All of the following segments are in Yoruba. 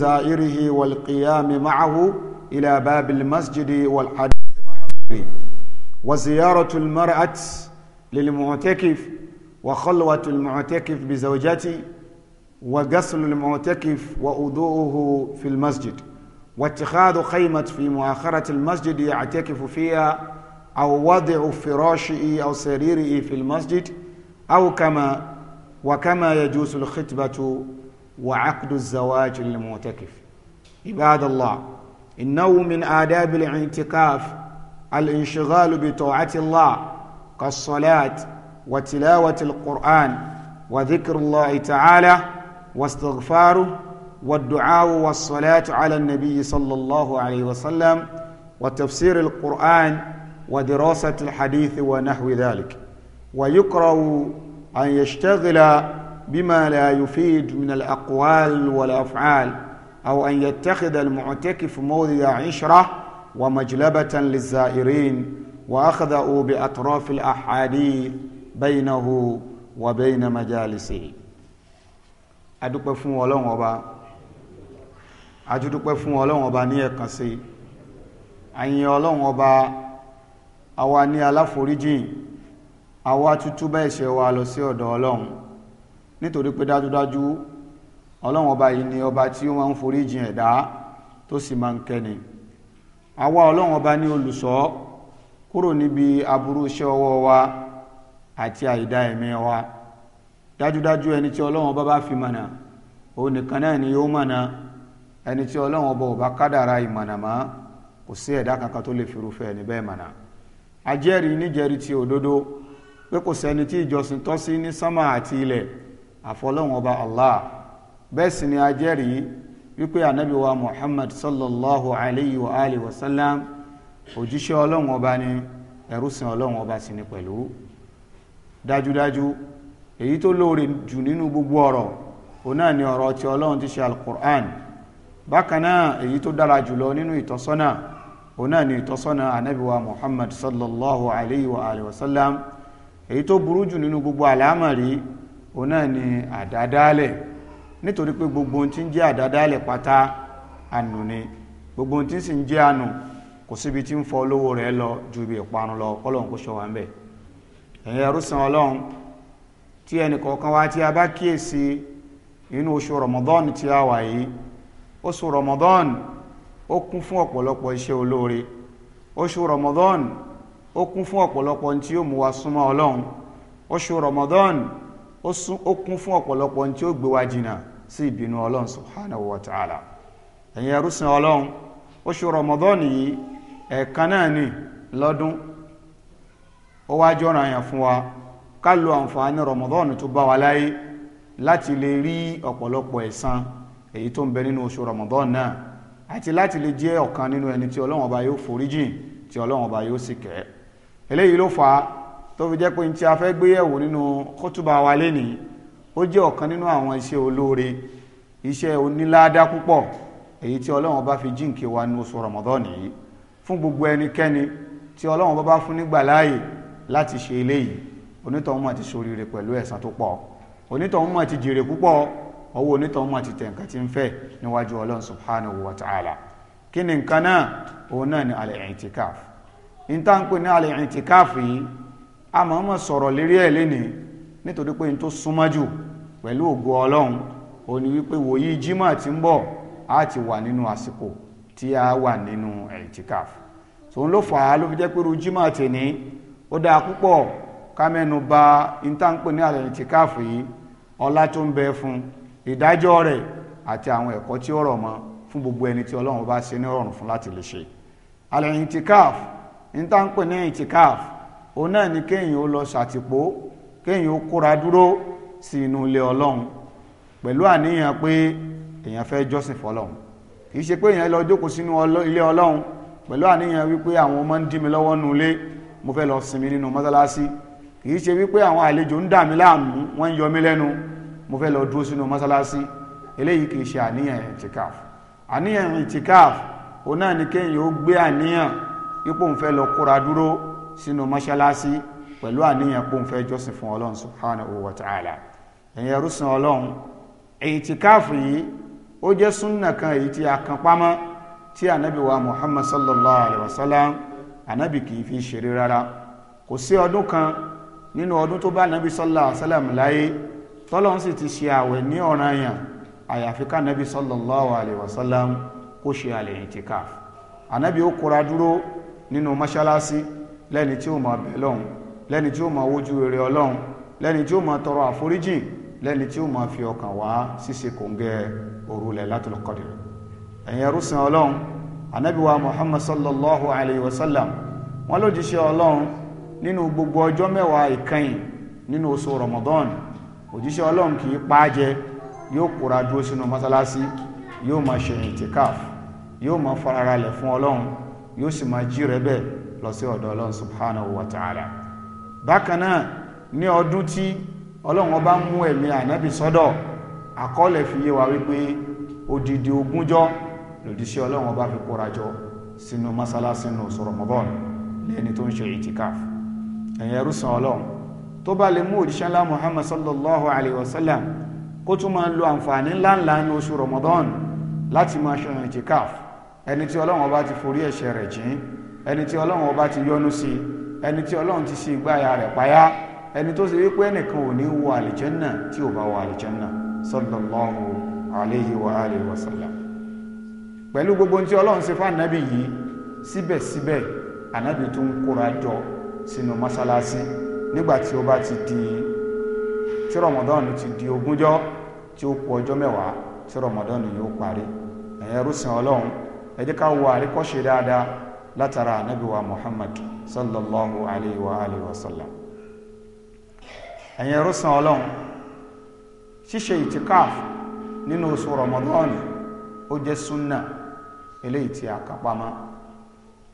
زائره والقيام معه إلى باب المسجد والحديث مع غيره وزيارة المرأة للمعتكف وخلوة المعتكف بزوجته وغسل المعتكف وأضوءه في المسجد واتخاذ خيمة في مؤخرة المسجد يعتكف فيها أو وضع فراشه أو سريره في المسجد أو كما وكما يجوز الخطبة وعقد الزواج للمعتكف عباد الله إنه من آداب الاعتكاف الانشغال بطاعة الله كالصلاة وتلاوة القرآن وذكر الله تعالى واستغفاره والدعاء والصلاة على النبي صلى الله عليه وسلم وتفسير القرآن ودراسة الحديث ونحو ذلك ويكره أن يشتغل بما لا يفيد من الأقوال والأفعال أو أن يتخذ المعتكف موضع عشرة ومجلبة للزائرين وأخذوا بأطراف الأحاديث بينه وبين مجالسه adúpẹ́ fún ọlọ́run ọba ajúdúpẹ́ fún ọlọ́run ọba ní ẹ̀kan sí àyìn ọlọ́run ọba àwa ní aláforíjìn àwa tútúbá ẹ̀ṣẹ̀ wa lọ sí ọ̀dọ̀ ọlọ́run nítorí pé dájúdájú ọlọ́run ọba yìí ni ọba tí ó máa ń forí jìn ẹ̀dá tó sì máa ń kẹ́ni àwa ọlọ́run ọba ní olùṣọ́ kúrò níbi aburú iṣẹ́ ọwọ́ wa àti àìdá ẹ̀mí wa dájúdájú ẹni tí ọlọ́run ọba bá fi mọ̀nà òun nìkan náà ni yóò mọ̀nà ẹni tí ọlọ́run ọba ò bá kádàrá ìmọ̀nà mọ́ kò sí ẹ̀dá kankan tó lè firúfẹ́ ẹni bẹ́ẹ̀ mọ̀nà ajẹ́rìí níjẹ́rìí ti òdodo pé kò sẹ́ni tí ìjọsìn tọ́ sí ní sánmà àti ilẹ̀ àfọlọ́hún ọba allah bẹ́ẹ̀ sì ni a jẹ́rìí wípé ànábì wa muhammad sallallahu alayhi wa alihi wa sallam òjíṣẹ́ ọlọ́hún ọba ni ẹrú sìn ọlọ́hún ọba sì ni pẹ̀lú dájúdájú èyí tó lóore jù nínú gbogbo ọ̀rọ̀ òun náà ni ọ̀rọ̀ ti ọlọ́hún ti ṣe alukur'an bákan náà èyí tó dára jùlọ nínú ìtọ́sọ́nà òun náà ni ìtọ́sọ́nà ànábìwa muhammad sallallahu alayhi wa alihi wa sallam èyí tó burú jù nínú gbogbo àlámọ̀rí òun náà ni àdádálẹ̀ nítorí pé gbogbo ohun tí ń jẹ́ àdádálẹ̀ pátá ànù ni gbogbo ohun tí sì ń jẹ́ ànù kò síbi tí ń fọ olówó rẹ̀ lọ ju ibi ìparun lọ kọ́lọ́n kó ṣọ́ wa ń bẹ̀ ẹ̀yin ẹrúsìn ọlọ́run tí ẹnì kọ̀ọ̀kan wa tí a bá kíyèsí inú oṣù Ramadan tí a wà yìí oṣù Ramadan ó kún fún ọ̀pọ̀lọpọ̀ iṣẹ́ olóore oṣù Ramadan ó kún fún ọ̀pọ̀lọpọ̀ tí ó mú wa súnmọ́ ọlọ́run oṣù Ramadan ó sún ó kún fún ọ̀pọ̀lọpọ̀ tí ó gbé wa jìnnà sí ìbínú ọlọ́run subhanahu wa ta'ala ẹrúsìn ọlọ́run oṣù rọmọdọ́ọ̀nì yìí ẹ̀ẹ̀kan náà ni lọ́dún ó wá jọ́ra yàn fún wa ká lo àǹfààní rọmọdọ́ọ̀nì tó bá wa láyé láti lè rí ọ̀pọ̀lọpọ̀ ẹ̀san èyí tó ń bẹ nínú oṣù rọmọdọ́ọ̀nì náà àti láti lè jẹ́ ọ̀kan nínú ẹni tí ọlọ́run ọba yóò foríjìn tí ọlọ́run ọba yóò sì kẹ́ eléyìí ló fà tó fi jẹ́ pé n tí a fẹ́ gbéyẹ̀wò nínú kótùbà wa lénìí ó jẹ́ ọ̀kan nínú àwọn iṣẹ́ olóore iṣẹ́ oníláàdá púpọ̀ èyí tí ọlọ́run bá fi jíǹkì wa ní oṣù Ramadan yìí fún gbogbo ẹnikẹ́ni tí ọlọ́run bá bá fún nígbà láàyè láti ṣe eléyìí onítọ̀hún mà ti ṣoríire pẹ̀lú ẹ̀san tó pọ̀ onítọ̀hún mà ti jèrè púpọ̀ ọwọ́ onítọ̀hún mà ti tẹ̀ nǹkan tí ń fẹ́ níwájú ọlọ́run subhanahu wa ta'ala kí ni nǹkan náà òun náà ni al-i'tikaf a mọ̀ mọ̀ sọ̀rọ̀ lérí ẹ̀ lénìí nítorí pé n tó súnmọ́ jù pẹ̀lú ògo ọlọ́run ó ní wípé wòyí jímọ̀ tí ń bọ̀ á ti wà nínú àsìkò tí a wà nínú ẹ̀tíkàf tòun ló fà á ló fi jẹ́ pé ru jímọ̀ tèní ó dáa púpọ̀ ká mẹ́nu bà ìtànpè ní àlẹ́ ẹ̀tíkàf yìí ọlá tó ń bẹ fún ìdájọ́ rẹ̀ àti àwọn ẹ̀kọ́ tí ó rọ̀ mọ́ fún gbogbo ẹni tí ọlọ́run bá ṣe ní ọ̀rùn fún láti lè ṣe àlẹ́ ẹ̀tíkàf ìtànpè ní ẹ̀tíkàf òun náà ni kéèyàn ó lọ ṣàtìpó kéèyàn ó kóra dúró sí inú ilé ọlọ́run pẹ̀lú àníyàn pé èèyàn fẹ́ jọ́sìn fọlọ́run kì í ṣe pé èèyàn lọ jókòó sínú ilé ọlọ́run pẹ̀lú àníyàn wípé àwọn ọmọ ń dí mi lọ́wọ́ nù ilé mo fẹ́ lọ sinmi nínú mọ́sálásí kì í ṣe wípé àwọn àlejò ń dà mí láàmú wọ́n ń yọ mí lẹ́nu mo fẹ́ lọ dúró sínú mọ́sálásí eléyìí kì ṣe àníyàn ìtìkáf àníyàn ìtìkáf òun náà ni kéèyàn ó gbé àníyàn ipò ń fẹ́ lọ kóra dúró sínú mọ́ṣáláṣí pẹ̀lú àníyàn pé òun fẹ́ jọ́sìn fún ọlọ́run subhanahu wa ta'ala ẹ̀yin ẹrúsìn ọlọ́run ìtìkáàfù yìí ó jẹ́ súnnà kan èyí tí a kan pamọ́ tí ànábì wa muhammad sallallahu alayhi wa sallam ànábì kì í fi ṣeré rárá kò sí ọdún kan nínú ọdún tó bá ànábì sallallahu alayhi wa sallam láyé tọ́lọ́run sì ti ṣe àwẹ̀ ní ọ̀ranyàn àyàfi ká ànábì sallallahu alayhi wa sallam kó ṣe àlè ìtìkáàfù ànábì ó kóra dúró nínú mọ́ṣáláṣí lẹ́ni tí ó máa bẹ̀ lọ́hùn lẹ́ni tí ó máa wójú rere ọlọ́hun lẹ́ni tí ó ma tọrọ àforíjì lẹ́ni tí ó máa fi ọkàn wá ṣíṣe kòǹgẹ́ òru Lailatul Qadr ẹ̀yin ẹrúsìn ọlọ́hun Ànábì wa Muhammad sallallahu alayhi wasallam, sallam wọ́n lójíṣẹ́ ọlọ́hun nínú gbogbo ọjọ́ mẹ́wàá Ramadan òjíṣẹ́ ọlọ́run kì í pàájẹ yóò kóra dúró sínú mọ́sálásí yóò máa ṣe ìtìkáf fún ọlọ́run yóò sì máa jí rẹ̀ bẹ́ẹ̀ lọ sí ọ̀dọ̀ ọlọ́run subhanahu wa ta'ala bákan náà ní ọdún tí ọlọ́run ọba mú ẹ̀mí ànábì sọ́dọ̀ àkọọ́lẹ̀ fi yé wa wípé odidi ogúnjọ́ lòdì sí ọlọ́run ọba fi kóra jọ sínú mọ́sálásí nù sọ̀rọ̀ mọ́bọ́n lẹ́ni tó ń ṣe itikaf ẹ̀yẹrú san ọlọ́run tó bá lè mú òjíṣẹ́ ńlá muhammad sallallahu alayhi wa sallam kó tún máa lo àǹfààní ńláńlá ní oṣù ramadan láti máa ṣe ìtìkáf ẹni tí ọlọ́run ọba ti forí ẹ̀ṣẹ̀ rẹ̀ jìn ẹni tí ọlọ́run ọba ti yọ́nú sí ẹni tí ọlọ́run ti ṣe ìgbáyà rẹ̀ payá ẹni tó ṣe wípé ẹnìkan ò ní wọ àlìjẹ́nà tí ò bá wọ àlìjẹ́nà sallallahu alayhi wa alihi wa sallam pẹ̀lú gbogbo tí ọlọ́run ṣe fún ànábì yìí síbẹ̀síbẹ̀ ànábì tó ń kóra jọ sínú mọ́sálásí nígbà tí ó bá ti di tí rọmọdán ti di ogúnjọ́ tí ó kù ọjọ́ mẹ́wàá tí rọmọdán yóò parí ẹ̀yẹ́rú sin ọlọ́run ẹ ká wo àríkọ́ṣe dáadáa látara ànábì wa Muhammad sallallahu alayhi wa alayhi wa sallam ẹ̀yin ẹrú san ọlọ́run ṣíṣe ìtìkáf nínú oṣù Ramadan ó jẹ́ súnà eléyìí tí a kápamọ́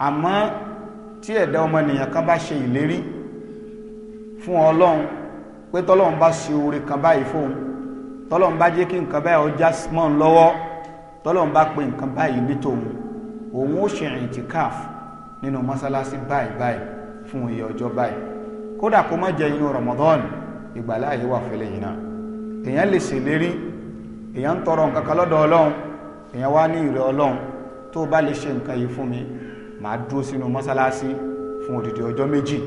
àmọ́ tí ẹ̀dá ọmọnìyàn kan bá ṣe ìlérí fún ọlọ́run pé tọ́lọ́run bá ṣe oore kan báyìí fóun tọ́lọ́run bá jẹ́ kí nǹkan báyìí ó já mọ́ lọ́wọ́ tọ́lọ́run bá pe nǹkan báyìí ní tòun òun ó ṣe ìtìkáf nínú mọ́sálásí báyìí báyìí fún iye ọjọ́ báyìí kódà kó má jẹ inú Ramadan ìgbàláyé wà fẹlẹ yìí náà èèyàn lè ṣèlérí èèyàn ń tọrọ nǹkan kan lọ́dọ̀ Ọlọ́run èèyàn wá ní ìrẹ Ọlọ́run tó bá lè ṣe nǹkan yìí fún mi màá dúró sínú mọ́sálásí fún òdìdí ọjọ́ méjì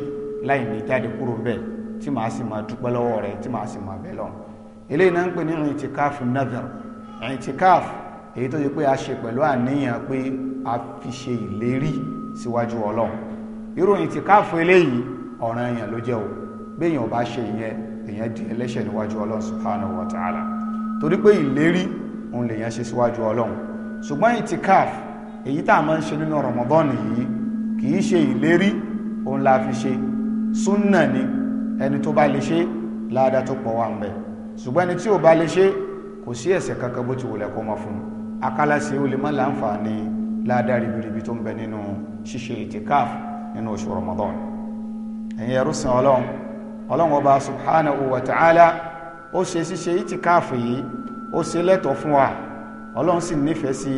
láì ní jáde kúrò bẹ́ẹ̀ tí màá sì máa dúpẹ́ lọ́wọ́ rẹ̀ tí màá sì máa bẹ̀ lọ́run eléyìí náà ń pè ní ìtìkáf nàdàr ìtìkáf èyí tó yẹ pé a ṣe pẹ̀lú àníyàn pé a fi ṣe ìlérí síwájú ọlọ́run ìròyìn tí káàfù eléyìí ọ̀ràn èèyàn ló jẹ́ o béèyàn bá ṣe ìyẹn èèyàn di ẹlẹ́ṣẹ̀ níwájú ọlọ́run subhanahu wa ta'ala torí pé ìlérí òun lèèyàn ṣe síwájú ọlọ́run ṣùgbọ́n ìtìkáf èyí tá a máa ń ṣe nínú rọmọdọ́ọ̀nù yìí kì í ṣe ìlérí òun la fi ṣe súnà ni ẹni tó bá lè ṣe láàdá tó pọ̀ wà ń bẹ̀ ṣùgbọ́n ẹni tí ò bá lè ṣe kò sí ẹ̀ṣẹ̀ kankan bó ti wùlẹ̀ kó mọ́ fún un akálàṣe ó lè ládàá ribiribi tó ń bẹ nínú ṣíṣe ìtìkáf nínú oṣù Ramadan ẹ̀yin ẹrú sìn ọlọ́run ọlọ́run ọba subhanahu wa ta'ala ó ṣe ṣíṣe ìtìkáf yìí ó ṣe lẹ́tọ̀ fún wa ọlọ́run sì nífẹ̀ẹ́ sí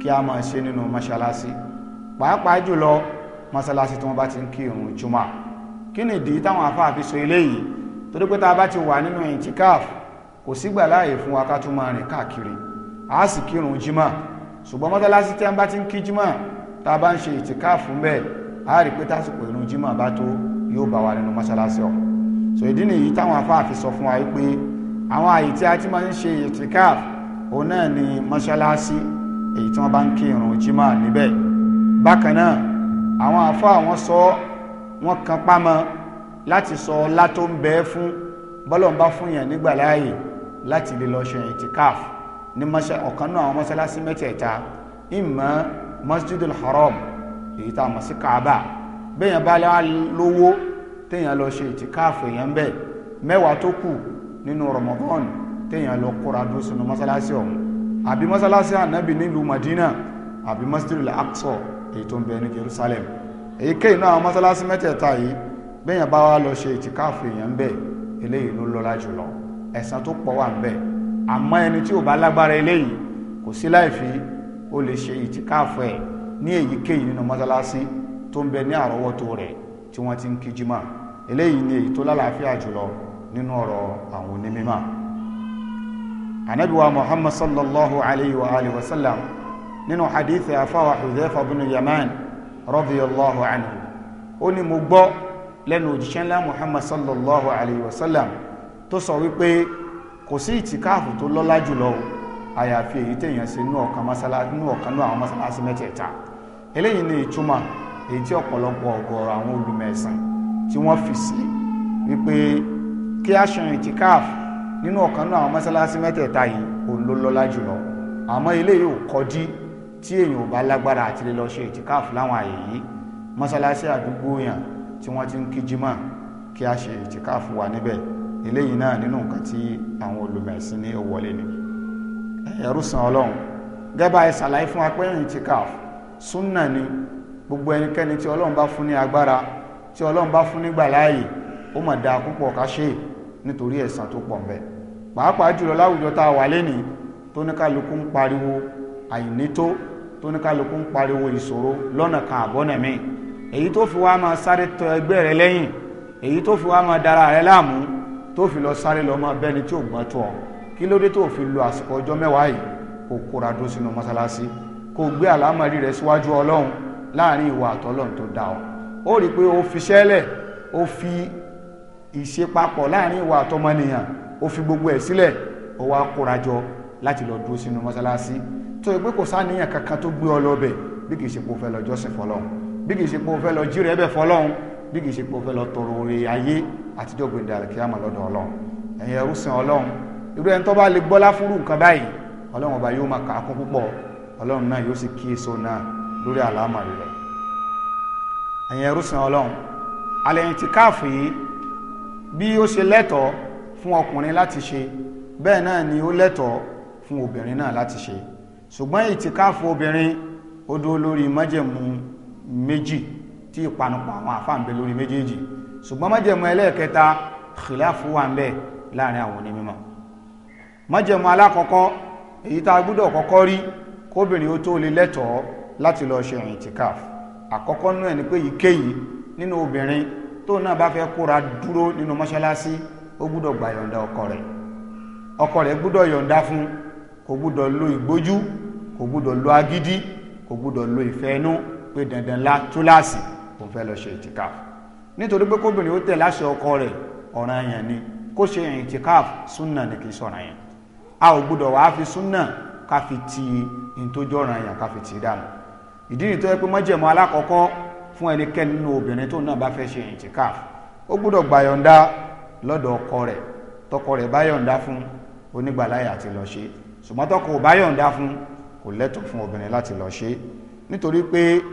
kí a máa ṣe nínú mọ́ṣáláṣí pàápàá jùlọ mọ́ṣáláṣí tí wọ́n bá ti ń kí ìrun jùmọ̀ kí ni ìdí táwọn afáà fi so eléyìí torí pé tá a bá ti wà nínú ìtìkáf kò sígbà láàyè fún wa ká tún máa rìn káàkiri a sì kírun jimá ṣùgbọ́n mọ́tálásí tí a bá ti ń kí jímọ̀ tá a bá ń ṣe ìtìkáàfù bẹ́ẹ̀ a rí pé tásìkò ìrun jímọ̀ bá tó yóò bá wa nínú mọ́tálásí ọ̀ so ìdí nìyí táwọn afáàfin sọ fún wa pé àwọn àyè tí a ti máa ń ṣe ìtìkáàfù òun náà ni mọ́tálásí èyí tí wọ́n bá ń kí ìrun jímọ̀ níbẹ̀ bákan náà àwọn àfọ́ àwọn sọ wọ́n kan pámọ́ láti sọ ọlá ń bẹ fún bọ́lọ̀ ń bá fún yàn nígbà láàyè láti lè lọ ṣe ìtìkáàfù ní ọ̀kan náà àwọn mọ́sálásí mẹ́tẹ̀ẹ̀ta ìmọ̀ masjidul haram èyí tá a mọ̀ sí kaaba bẹ́yàn bá lówó téèyàn lọ ṣe ìtìkáàfù èèyàn bẹ́ẹ̀ mẹ́wàá tó kù nínú ramadan téèyàn lọ kóra dúró sínú mọ́sálásí ọ̀hún àbí mọ́sálásí ànábì nílùú madina àbí masjidul aqsa èyí tó ń bẹ ní jerusalem èyíkéyìí náà àwọn mọ́sálásí mẹ́tẹ̀ẹ̀ta yìí bẹ́yàn bá lọ ṣe ìtìkáàfù èèyàn bẹ́ẹ̀ eléyìí ló lọ́lá jùlọ ẹ̀san tó pọ̀ wà ń bẹ́ẹ̀ àmọ́ ẹni tí ò bá lágbára eléyìí kò sí láìfi ó lè ṣe ìtìkáàfù ẹ̀ ní èyíkéyìí nínú mọ́sálásí tó ń bẹ ní àrọ́wọ́tó rẹ̀ tí wọ́n ti ń kí jímà eléyìí ni èyí tó lálàáfíà jùlọ nínú ọ̀rọ̀ àwọn onímímà anabiwa muhammad sallallahu alayhi wa alihi wa sallam nínú hadithi afáwa hudhaifa bin yaman radiyallahu anhu ó ní mo gbọ́ lẹ́nu òjíṣẹ́ ńlá muhammad sallallahu alayhi wa sallam tó sọ wípé kò sí ìtìkáàfù tó lọ́lá jùlọ àyàfi èyí tèèyàn ṣe nú ọ̀kan mọ́sálásí nú ọ̀kan nú àwọn mọ́sálásí mẹ́tẹ̀ẹ̀ta eléyìí ni ìtumọ̀ èyí tí ọ̀pọ̀lọpọ̀ ọ̀gọ̀ọ̀rọ̀ àwọn olùmẹ̀sìn tí wọ́n fi sí wípé kí a ṣan ìtìkáàfù nínú ọ̀kan nú àwọn mọ́sálásí mẹ́tẹ̀ẹ̀ta yìí òun ló lọ́lá jùlọ àmọ́ eléyìí ò kọdí tí èèyàn ò bá lágbára àti lè lọ ṣe ìtìkáàfù láwọn àyè yìí mọ́sálásí àdúgbò yàn tí wọ́n ti ń kíjímọ̀ kí a ṣe ìtìkáàfù wà níbẹ̀ eléyìí náà nínú nǹkan tí àwọn olùmẹ̀sìn ní òwọlé ni ẹ̀rú san ọlọ́run gẹ́gẹ́ bá ẹ ṣàlàyé fún apẹ́yìn ti káf súnà ni gbogbo ẹnikẹ́ni tí ọlọ́run bá fún ní agbára tí ọlọ́run bá fún nígbà láàyè ó mà dáa púpọ̀ ká ṣe nítorí ẹ̀san tó pọ̀ ńbẹ pàápàá jùlọ láwùjọ tá a wà lénìí tóníkàlùkù ń pariwo àìnító tóníkàlùkù ń pariwo ìṣòro lọ́nà kan àbọ́nà míì èyí tó fi wá máa sáré tọ ẹgbẹ́ rẹ lẹ́yìn èyí tó fi wá máa dára rẹ láàmú tó fi lọ sáré lọ máa bẹ́ni tí ò gbọ́n tó ọ kí ló dé tó fi lo àsìkò ọjọ́ mẹ́wàá yìí kó kóra dó sínú mọ́sálásí kó gbé àlámọ̀rí rẹ̀ síwájú ọlọ́run láàrin ìwà àtọ́lọ́run tó dá ọ ó rí i pé ó fi sẹ́lẹ̀ ó fi ìṣepapọ̀ láàrin ìwà àtọmọnìyàn ó fi gbogbo ẹ̀ sílẹ̀ ó wá kóra jọ láti lọ dúró sínú mọ́sálásí tó yẹ pé kò sáníyàn kankan tó gbé ọ lọ́bẹ̀ bí kì í ṣe pé o fẹ́ lọ jọ́sìn fọlọ́run bí kì í ṣe pé o fẹ́ lọ jírẹ̀ẹ́bẹ̀ fọlọ́run bí kì í ṣe pé o fẹ́ lọ tọrọ oore ayé àtijọ́ gbèndé àlùkìyàmọ̀ lọ́dọ̀ ọlọ́run ẹ̀yin ẹrú sìn ọlọ́run irú ẹni tó bá lè gbọ́lá fúrú nǹkan báyìí ọlọ́run ọba yóò máa kà á kún púpọ̀ ọlọ́run náà yóò sì kí èso náà lórí àlámà rẹ̀ ẹ̀yin ẹrú ọlọ́run àlẹ́yìn ti káàfù yìí bí ó ṣe lẹ́tọ̀ọ́ fún ọkùnrin láti ṣe bẹ́ẹ̀ náà ni ó lẹ́tọ̀ọ́ fún obìnrin náà láti ṣe ṣùgbọ́n ìtìkáàfù obìnrin ó dúró lórí májẹ̀mú méjì tí ìpanupọ̀ àwọn àfáàǹbẹ lórí méjèèjì ṣùgbọ́n májẹ̀mú ẹlẹ́ẹ̀kẹta khilafu wà ń bẹ láàrin àwọn onímọ̀ májẹ̀mú alákọ̀ọ́kọ́ èyí tá a gbúdọ̀ kọ́kọ́ rí kóbìnrin ó tó lè lẹ́tọ̀ọ́ láti lọ ṣe ìtìkáf àkọ́kọ́ nú ẹ̀ ni pé ìkéyìí nínú obìnrin tó náà bá fẹ́ kóra dúró nínú mọ́ṣáláṣí ó gbúdọ̀ gbà yọ̀ǹda ọkọ rẹ̀ ọkọ rẹ̀ gbúdọ̀ yọ̀ǹda fún kò gbúdọ̀ lo ìgbójú kò gbúdọ̀ lo agídí kò gbúdọ̀ lo ìfẹ́ inú pé dandan lá túláàsì òun fẹ́ lọ ṣe ìtìkáf nítorí pé kóbìnrin ó tẹ̀ láṣẹ ọkọ rẹ̀ ọ̀ranyàn ni kó ṣe ìtìkáf súnà ní kì í ṣọ̀ranyàn a ò gbúdọ̀ wàá fi súnà ká fi ti ìtòjọ́ ọ̀ranyàn ká fi ti dànù ìdí nìtọ́ ẹ pé mọ́jẹ̀mọ́ alákọ̀ọ́kọ́ fún ẹnikẹ́ni nínú obìnrin tó náà bá fẹ́ ṣe ìtìkáf ó gbúdọ̀ gbàyọ̀ǹda lọ́dọ̀ ọkọ rẹ̀ tọkọ rẹ̀ bá yọ̀ǹda fún onígbàláyà àti lọ ṣe ṣùgbọ́n tọkọ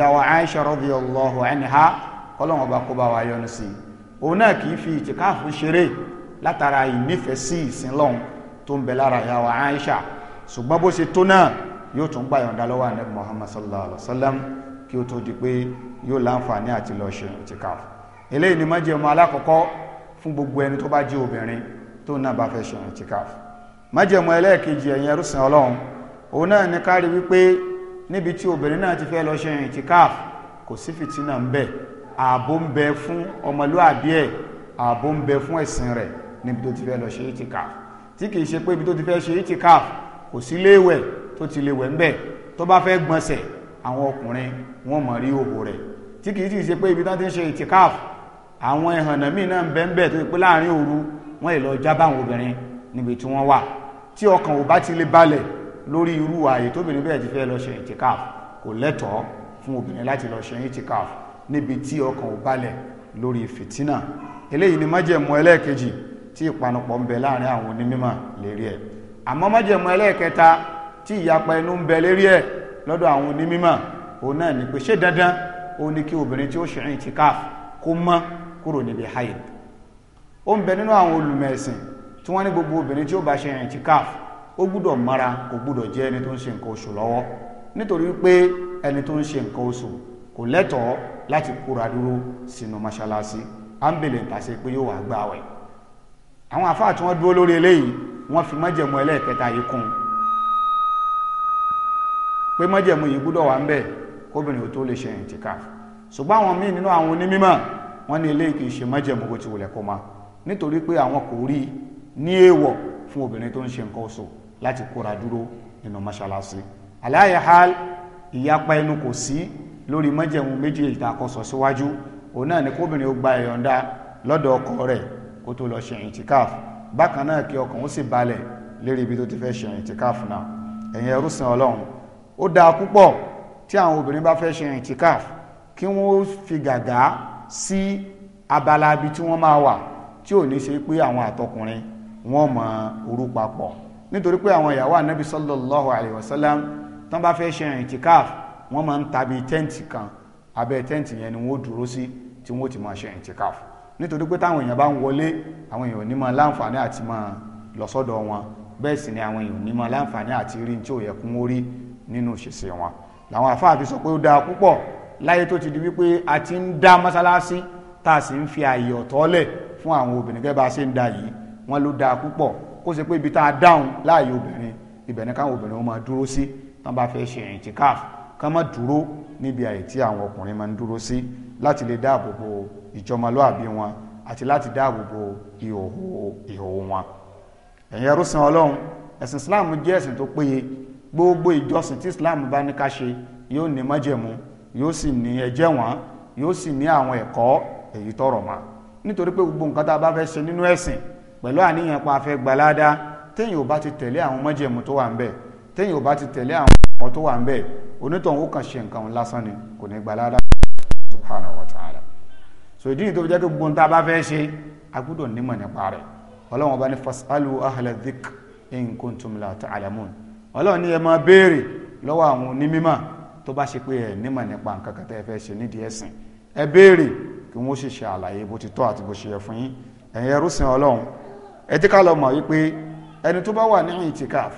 ò Aisha radiyallahu anha kọ́lọ́wọ́n bá kó bá wa yọ́nú sí i òun náà kì í fi ìtìkáàfù ṣeré látara ìnífẹ̀ẹ́ sí ìsìn lọ́hun tó ń bẹ lára ìyá wa Aisha ṣùgbọ́n bó ṣe tó náà yóò tún gbà yọ̀ǹda lọ́wọ́ ànábì Muhammad sallallahu alaihi wa sallam kí ó tó di pé yóò láǹfààní àti lọ ṣe ìtìkáàfù eléyìí ni májẹ̀mú alákọ̀ọ́kọ́ fún gbogbo ẹni tó bá jẹ́ obìnrin tó náà bá fẹ́ ṣe ìtìkáàfù májẹ̀mú ẹlẹ́ẹ̀kejì ẹ̀yìn ẹrúsìn ọlọ́run òun náà ní kárí wípé níbi tí obìnrin náà ti fẹ́ lọ ṣe ìtìkáàfù kò sí fìtínà ń bẹ́ẹ̀ ààbò ń bẹ fún ọmọlúàbí ẹ̀ ààbò ń bẹ fún ẹ̀sìn rẹ̀ níbi tó ti fẹ́ lọ ṣe itikaf tí kìí ṣe pé ibi tó ti fẹ́ ṣe itikaf kò sí léèwẹ̀ tó ti léèwẹ̀ ń bẹ tó bá fẹ́ gbọ̀nsẹ̀ àwọn ọkùnrin wọn mọ̀ rí òhò rẹ̀ tí kìí sì ṣe pé ibi tán ti ń ṣe itikaf àwọn ìhànà míì náà ń bẹ ń bẹ tó ti pé láàrin òru wọn ì lọ jábá àwọn obìnrin níbi tí wọ́n wà tí ọkàn ò bá ti lè balẹ̀ lórí irú ààyè tóbìnrin bẹ́ẹ̀ ti fẹ́ lọ ṣe itikaf kò lẹ́tọ̀ọ́ fún obìnrin láti lọ ṣe itikaf níbi tí ọkàn ò balẹ̀ lórí fìtínà eléyìí ni májẹ̀mú ẹlẹ́ẹ̀kejì tí ìpanupọ̀ ń bẹ láàrin àwọn onímọ̀ lérí ẹ̀ àmọ́ májẹ̀mú ẹlẹ́ẹ̀kẹta tí ìyapa ẹnu ń bẹ lérí ẹ̀ lọ́dọ̀ àwọn onímọ̀ òun náà ni pé ṣé dandan ó ní kí obìnrin tí ó ṣe rìn ìtìkáf kó mọ́ kúrò níbi haid ó ń bẹ nínú àwọn olùmẹ̀sìn tí wọ́n ní gbogbo obìnrin tí ó bá ṣe rìn ìtìkáf ó gbúdọ̀ mara kò gbúdọ̀ jẹ́ ẹni tó ń ṣe nǹkan oṣù lọ́wọ́ nítorí pé ẹni tó ń ṣe nǹkan oṣù kò lẹ́tọ̀ọ́ láti kóra dúró sínú mọ́ṣáláṣí ámbèlè ń tàṣe pé yóò wà gbààwẹ̀ àwọn àfáà tí wọ́n dúró lórí eléyìí wọ́n fi májẹ̀mú ẹlẹ́ẹ̀kẹta yìí kún pé májẹ̀mú yìí gbúdọ̀ wà ń bẹ̀ kóbìnrin ò tó lè ṣe ìtìkáf ṣùgbọ́n àwọn míì nínú àwọn onímímọ̀ wọ́n ní eléyìí kì í ṣe májẹ̀mú bó ti wulẹ̀ kó ma nítorí pé àwọn kò rí ní èèwọ̀ fún obìnrin tó ń ṣe nǹkan oṣù láti kóra dúró nínú mọ́ṣáláṣí aláyàhálì ìyapa ẹnu kò sí lórí májẹ̀mú méjèèjì tá a kọ́ sọ síwájú òun náà ni kóbìnrin ó gba ìyọ̀ǹda lọ́dọ̀ ọkọ rẹ̀ kó tó lọ ṣe ìtìkáf bákan náà kí ọkàn ó sì balẹ̀ lérí ibi tó ti fẹ́ ṣe ìtìkáf náà ẹ̀yin ẹrúsìn ọlọ́run ó dáa púpọ̀ tí àwọn obìnrin bá fẹ́ ṣe ìtìkáf kí wọ́n fi gàgá sí abala ibi tí wọ́n máa wà tí ò ní ṣe pé àwọn àtọkùnrin wọ́n mọ orú papọ̀ nítorí pé àwọn ìyàwó ànábì sallallahu alayhi wa sallam tán bá fẹ́ ṣe ìtìkáf wọ́n máa ń tabi tẹ́ǹtì kan abẹ́ tẹ́ǹtì yẹn ni wọ́n dúró sí tí wọ́n ti máa ṣe ìtìkáfù nítorí pé táwọn èèyàn bá ń wọlé àwọn èèyàn ní máa láǹfààní àti máa lọ sọ́dọ̀ wọn bẹ́ẹ̀ sì ni àwọn èèyàn ní máa láǹfààní àti rí tí ò yẹ kún ó rí nínú ìṣẹ̀ṣẹ̀ wọn làwọn àfáàfi sọ pé ó dáa púpọ̀ láyé tó ti di wípé a ti ń dá mọ́sálásí tá a sì ń fi àyè ọ̀tọ̀ lẹ̀ fún àwọn obìnrin gẹ́gẹ́ bá a ṣe ń da yìí wọ́n ló dáa púpọ̀ kó ṣe pé ibi tá a dáhùn láàyè obìnrin ibẹ̀ ni káwọn obìnrin wọn máa dúró sí tán bá fẹ́ ṣe ìtìkáfù ká má dúró níbi àyè tí àwọn ọkùnrin máa ń dúró sí láti lè dáàbò bo ìjọmọlúàbí wọn àti láti dáàbò bo ìhòòhò wọn ẹ̀yin ẹrúsìn ọlọ́run ẹ̀sìn islam jẹ́ ẹ̀sìn tó péye gbogbo ìjọsìn tí islam bá ní ká ṣe yóò ní májẹ̀mú yóò sì ní ẹjẹ́ wọn yóò sì ní àwọn ẹ̀kọ́ èyí tọrọ ma nítorí pé gbogbo nǹkan tá a bá fẹ́ ṣe nínú ẹ̀sìn pẹ̀lú àníyàn pa afẹ́ gbalada téèyàn ò bá ti tẹ̀lé àwọn májẹ̀mú tó wà ń bẹ̀ téèyàn ò bá ti tẹ̀lé àwọn ẹ̀kọ́ tó wà ń bẹ̀ onítọ̀hún ó kàn ṣe nǹkan lásán ni kò ní gbalada subhanahu wa ta'ala so ìdí nìyí tó fi jẹ́ pé gbogbo nta bá fẹ́ ṣe a nímọ̀ nípa rẹ̀ ọlọ́run ọba ní fasalu ahla dhikr in kuntum la ta'lamun ọlọ́run ní ẹ máa béèrè lọ́wọ́ àwọn onímọ̀ tó bá ṣe pé ẹ nímọ̀ nípa nǹkan kan tẹ́ ẹ fẹ́ ṣe nídìí ẹ̀sìn ẹ béèrè kí wọ́n sì ṣe àlàyé bó ti tọ́ àti bó ṣe yẹ fún yín ẹ̀yin ẹrúsìn ọlọ́run ẹ ti ká lọ mọ̀ wípé ẹni tó bá wà ní ìtìkáf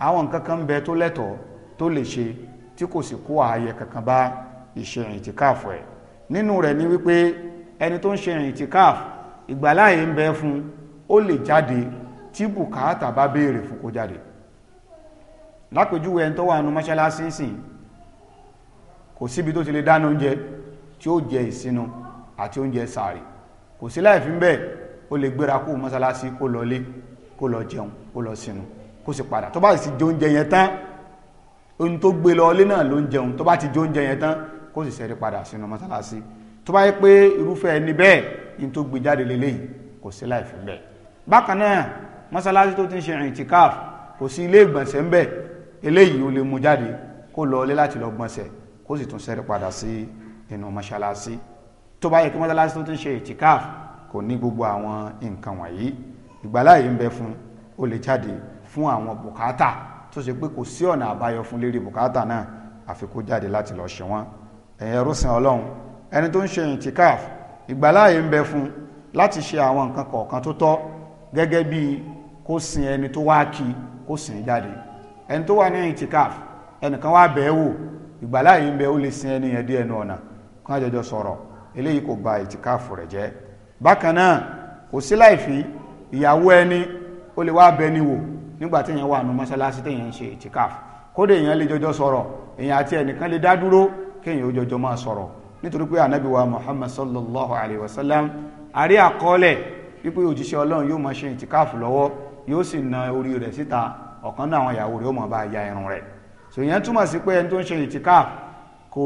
àwọn nǹkan kan bẹ tó lẹ́tọ̀ọ́ tó lè ṣe tí kò sì kó ààyè kankan bá ìṣe ìtìkáàfù ẹ̀ nínú rẹ̀ ni wípé ẹni tó ń ṣe ìtìkáàfù ìgbàláyè ń bẹ fún ó lè jáde tí bùkátà bá béèrè fún kó jáde lápèjúwe ẹni tó wà nínú mọ́ṣáláṣí sìn kò síbi tó ti lè dáná oúnjẹ tí ó jẹ ìsinu àti oúnjẹ sàárì kò sí láì fi ń bẹ́ẹ̀ ó lè gbéra kó mọ́ṣáláṣí kó lọ lé kó lọ jẹun kó lọ sinu kó sì padà tó bá sì jẹ oúnjẹ yẹn tán ohun tó gbé lọ ilé náà ló ń jẹun tó bá ti jó oúnjẹ yẹn tán kó sì ṣẹ́rí padà sínú mọ́sálásí tó bá yẹ pé irúfẹ́ ẹni bẹ́ẹ̀ ohun tó gbé jáde lélẹ́yìí kò sí láì fi bẹ́ẹ̀ bákan náà mọ́sálásí tó ti ń ṣe ìtìkáf kò sí ilé ìgbọ̀nsẹ̀ ń bẹ̀ eléyìí ó lè mú jáde kó lọ ilé láti lọ gbọ̀nsẹ̀ kó sì tún ṣẹ́rí padà sí inú mọ́sálásí tó bá yẹ kí mọ́sálásí tó ti ń ṣe ìtìkáf kò ní gbogbo àwọn nǹkan wọ̀nyí ìgbàláyé ń bẹ fún ó lè jáde fún àwọn bùkátà tó ṣe pé kò sí ọ̀nà àbáyọ fún lérí bùkátà náà àfi kó jáde láti lọ ṣe wọ́n ẹ̀yẹ rúsìn ọlọ́run ẹni tó ń ṣe ìtìkáf ìgbàláàyè ń bẹ fún láti ṣe àwọn nǹkan kọ̀ọ̀kan tó tọ́ gẹ́gẹ́ bí kó sin ẹni tó wá kí kó sin jáde ẹni tó wà ní ìtìkáf ẹnìkan wá bẹ̀ẹ́ wò ìgbàláàyè ń bẹ ó lè sin ẹni yẹn dé ẹnu ọ̀nà kan jọjọ sọ̀rọ̀ eléyìí kò nígbà tí èèyàn wà nù mọ́ṣáláṣí téèyàn ń ṣe ìtìkáf kódé èèyàn lè jọjọ sọ̀rọ̀ èèyàn àti ẹnìkan lè dá dúró kéèyàn ó jọjọ máa sọ̀rọ̀ nítorí pé ànábì wa muhammad sallallahu alayhi wa sallam àrí àkọọ́lẹ̀ wípé òjíṣẹ́ ọlọ́run yóò máa ṣe ìtìkáf lọ́wọ́ yóò sì na orí rẹ̀ síta ọ̀kan náà àwọn ìyàwó rẹ̀ ó máa bá ya irun rẹ̀ so ìyẹn túmọ̀ sí pé ẹni tó ń ṣe ìtìkáf kò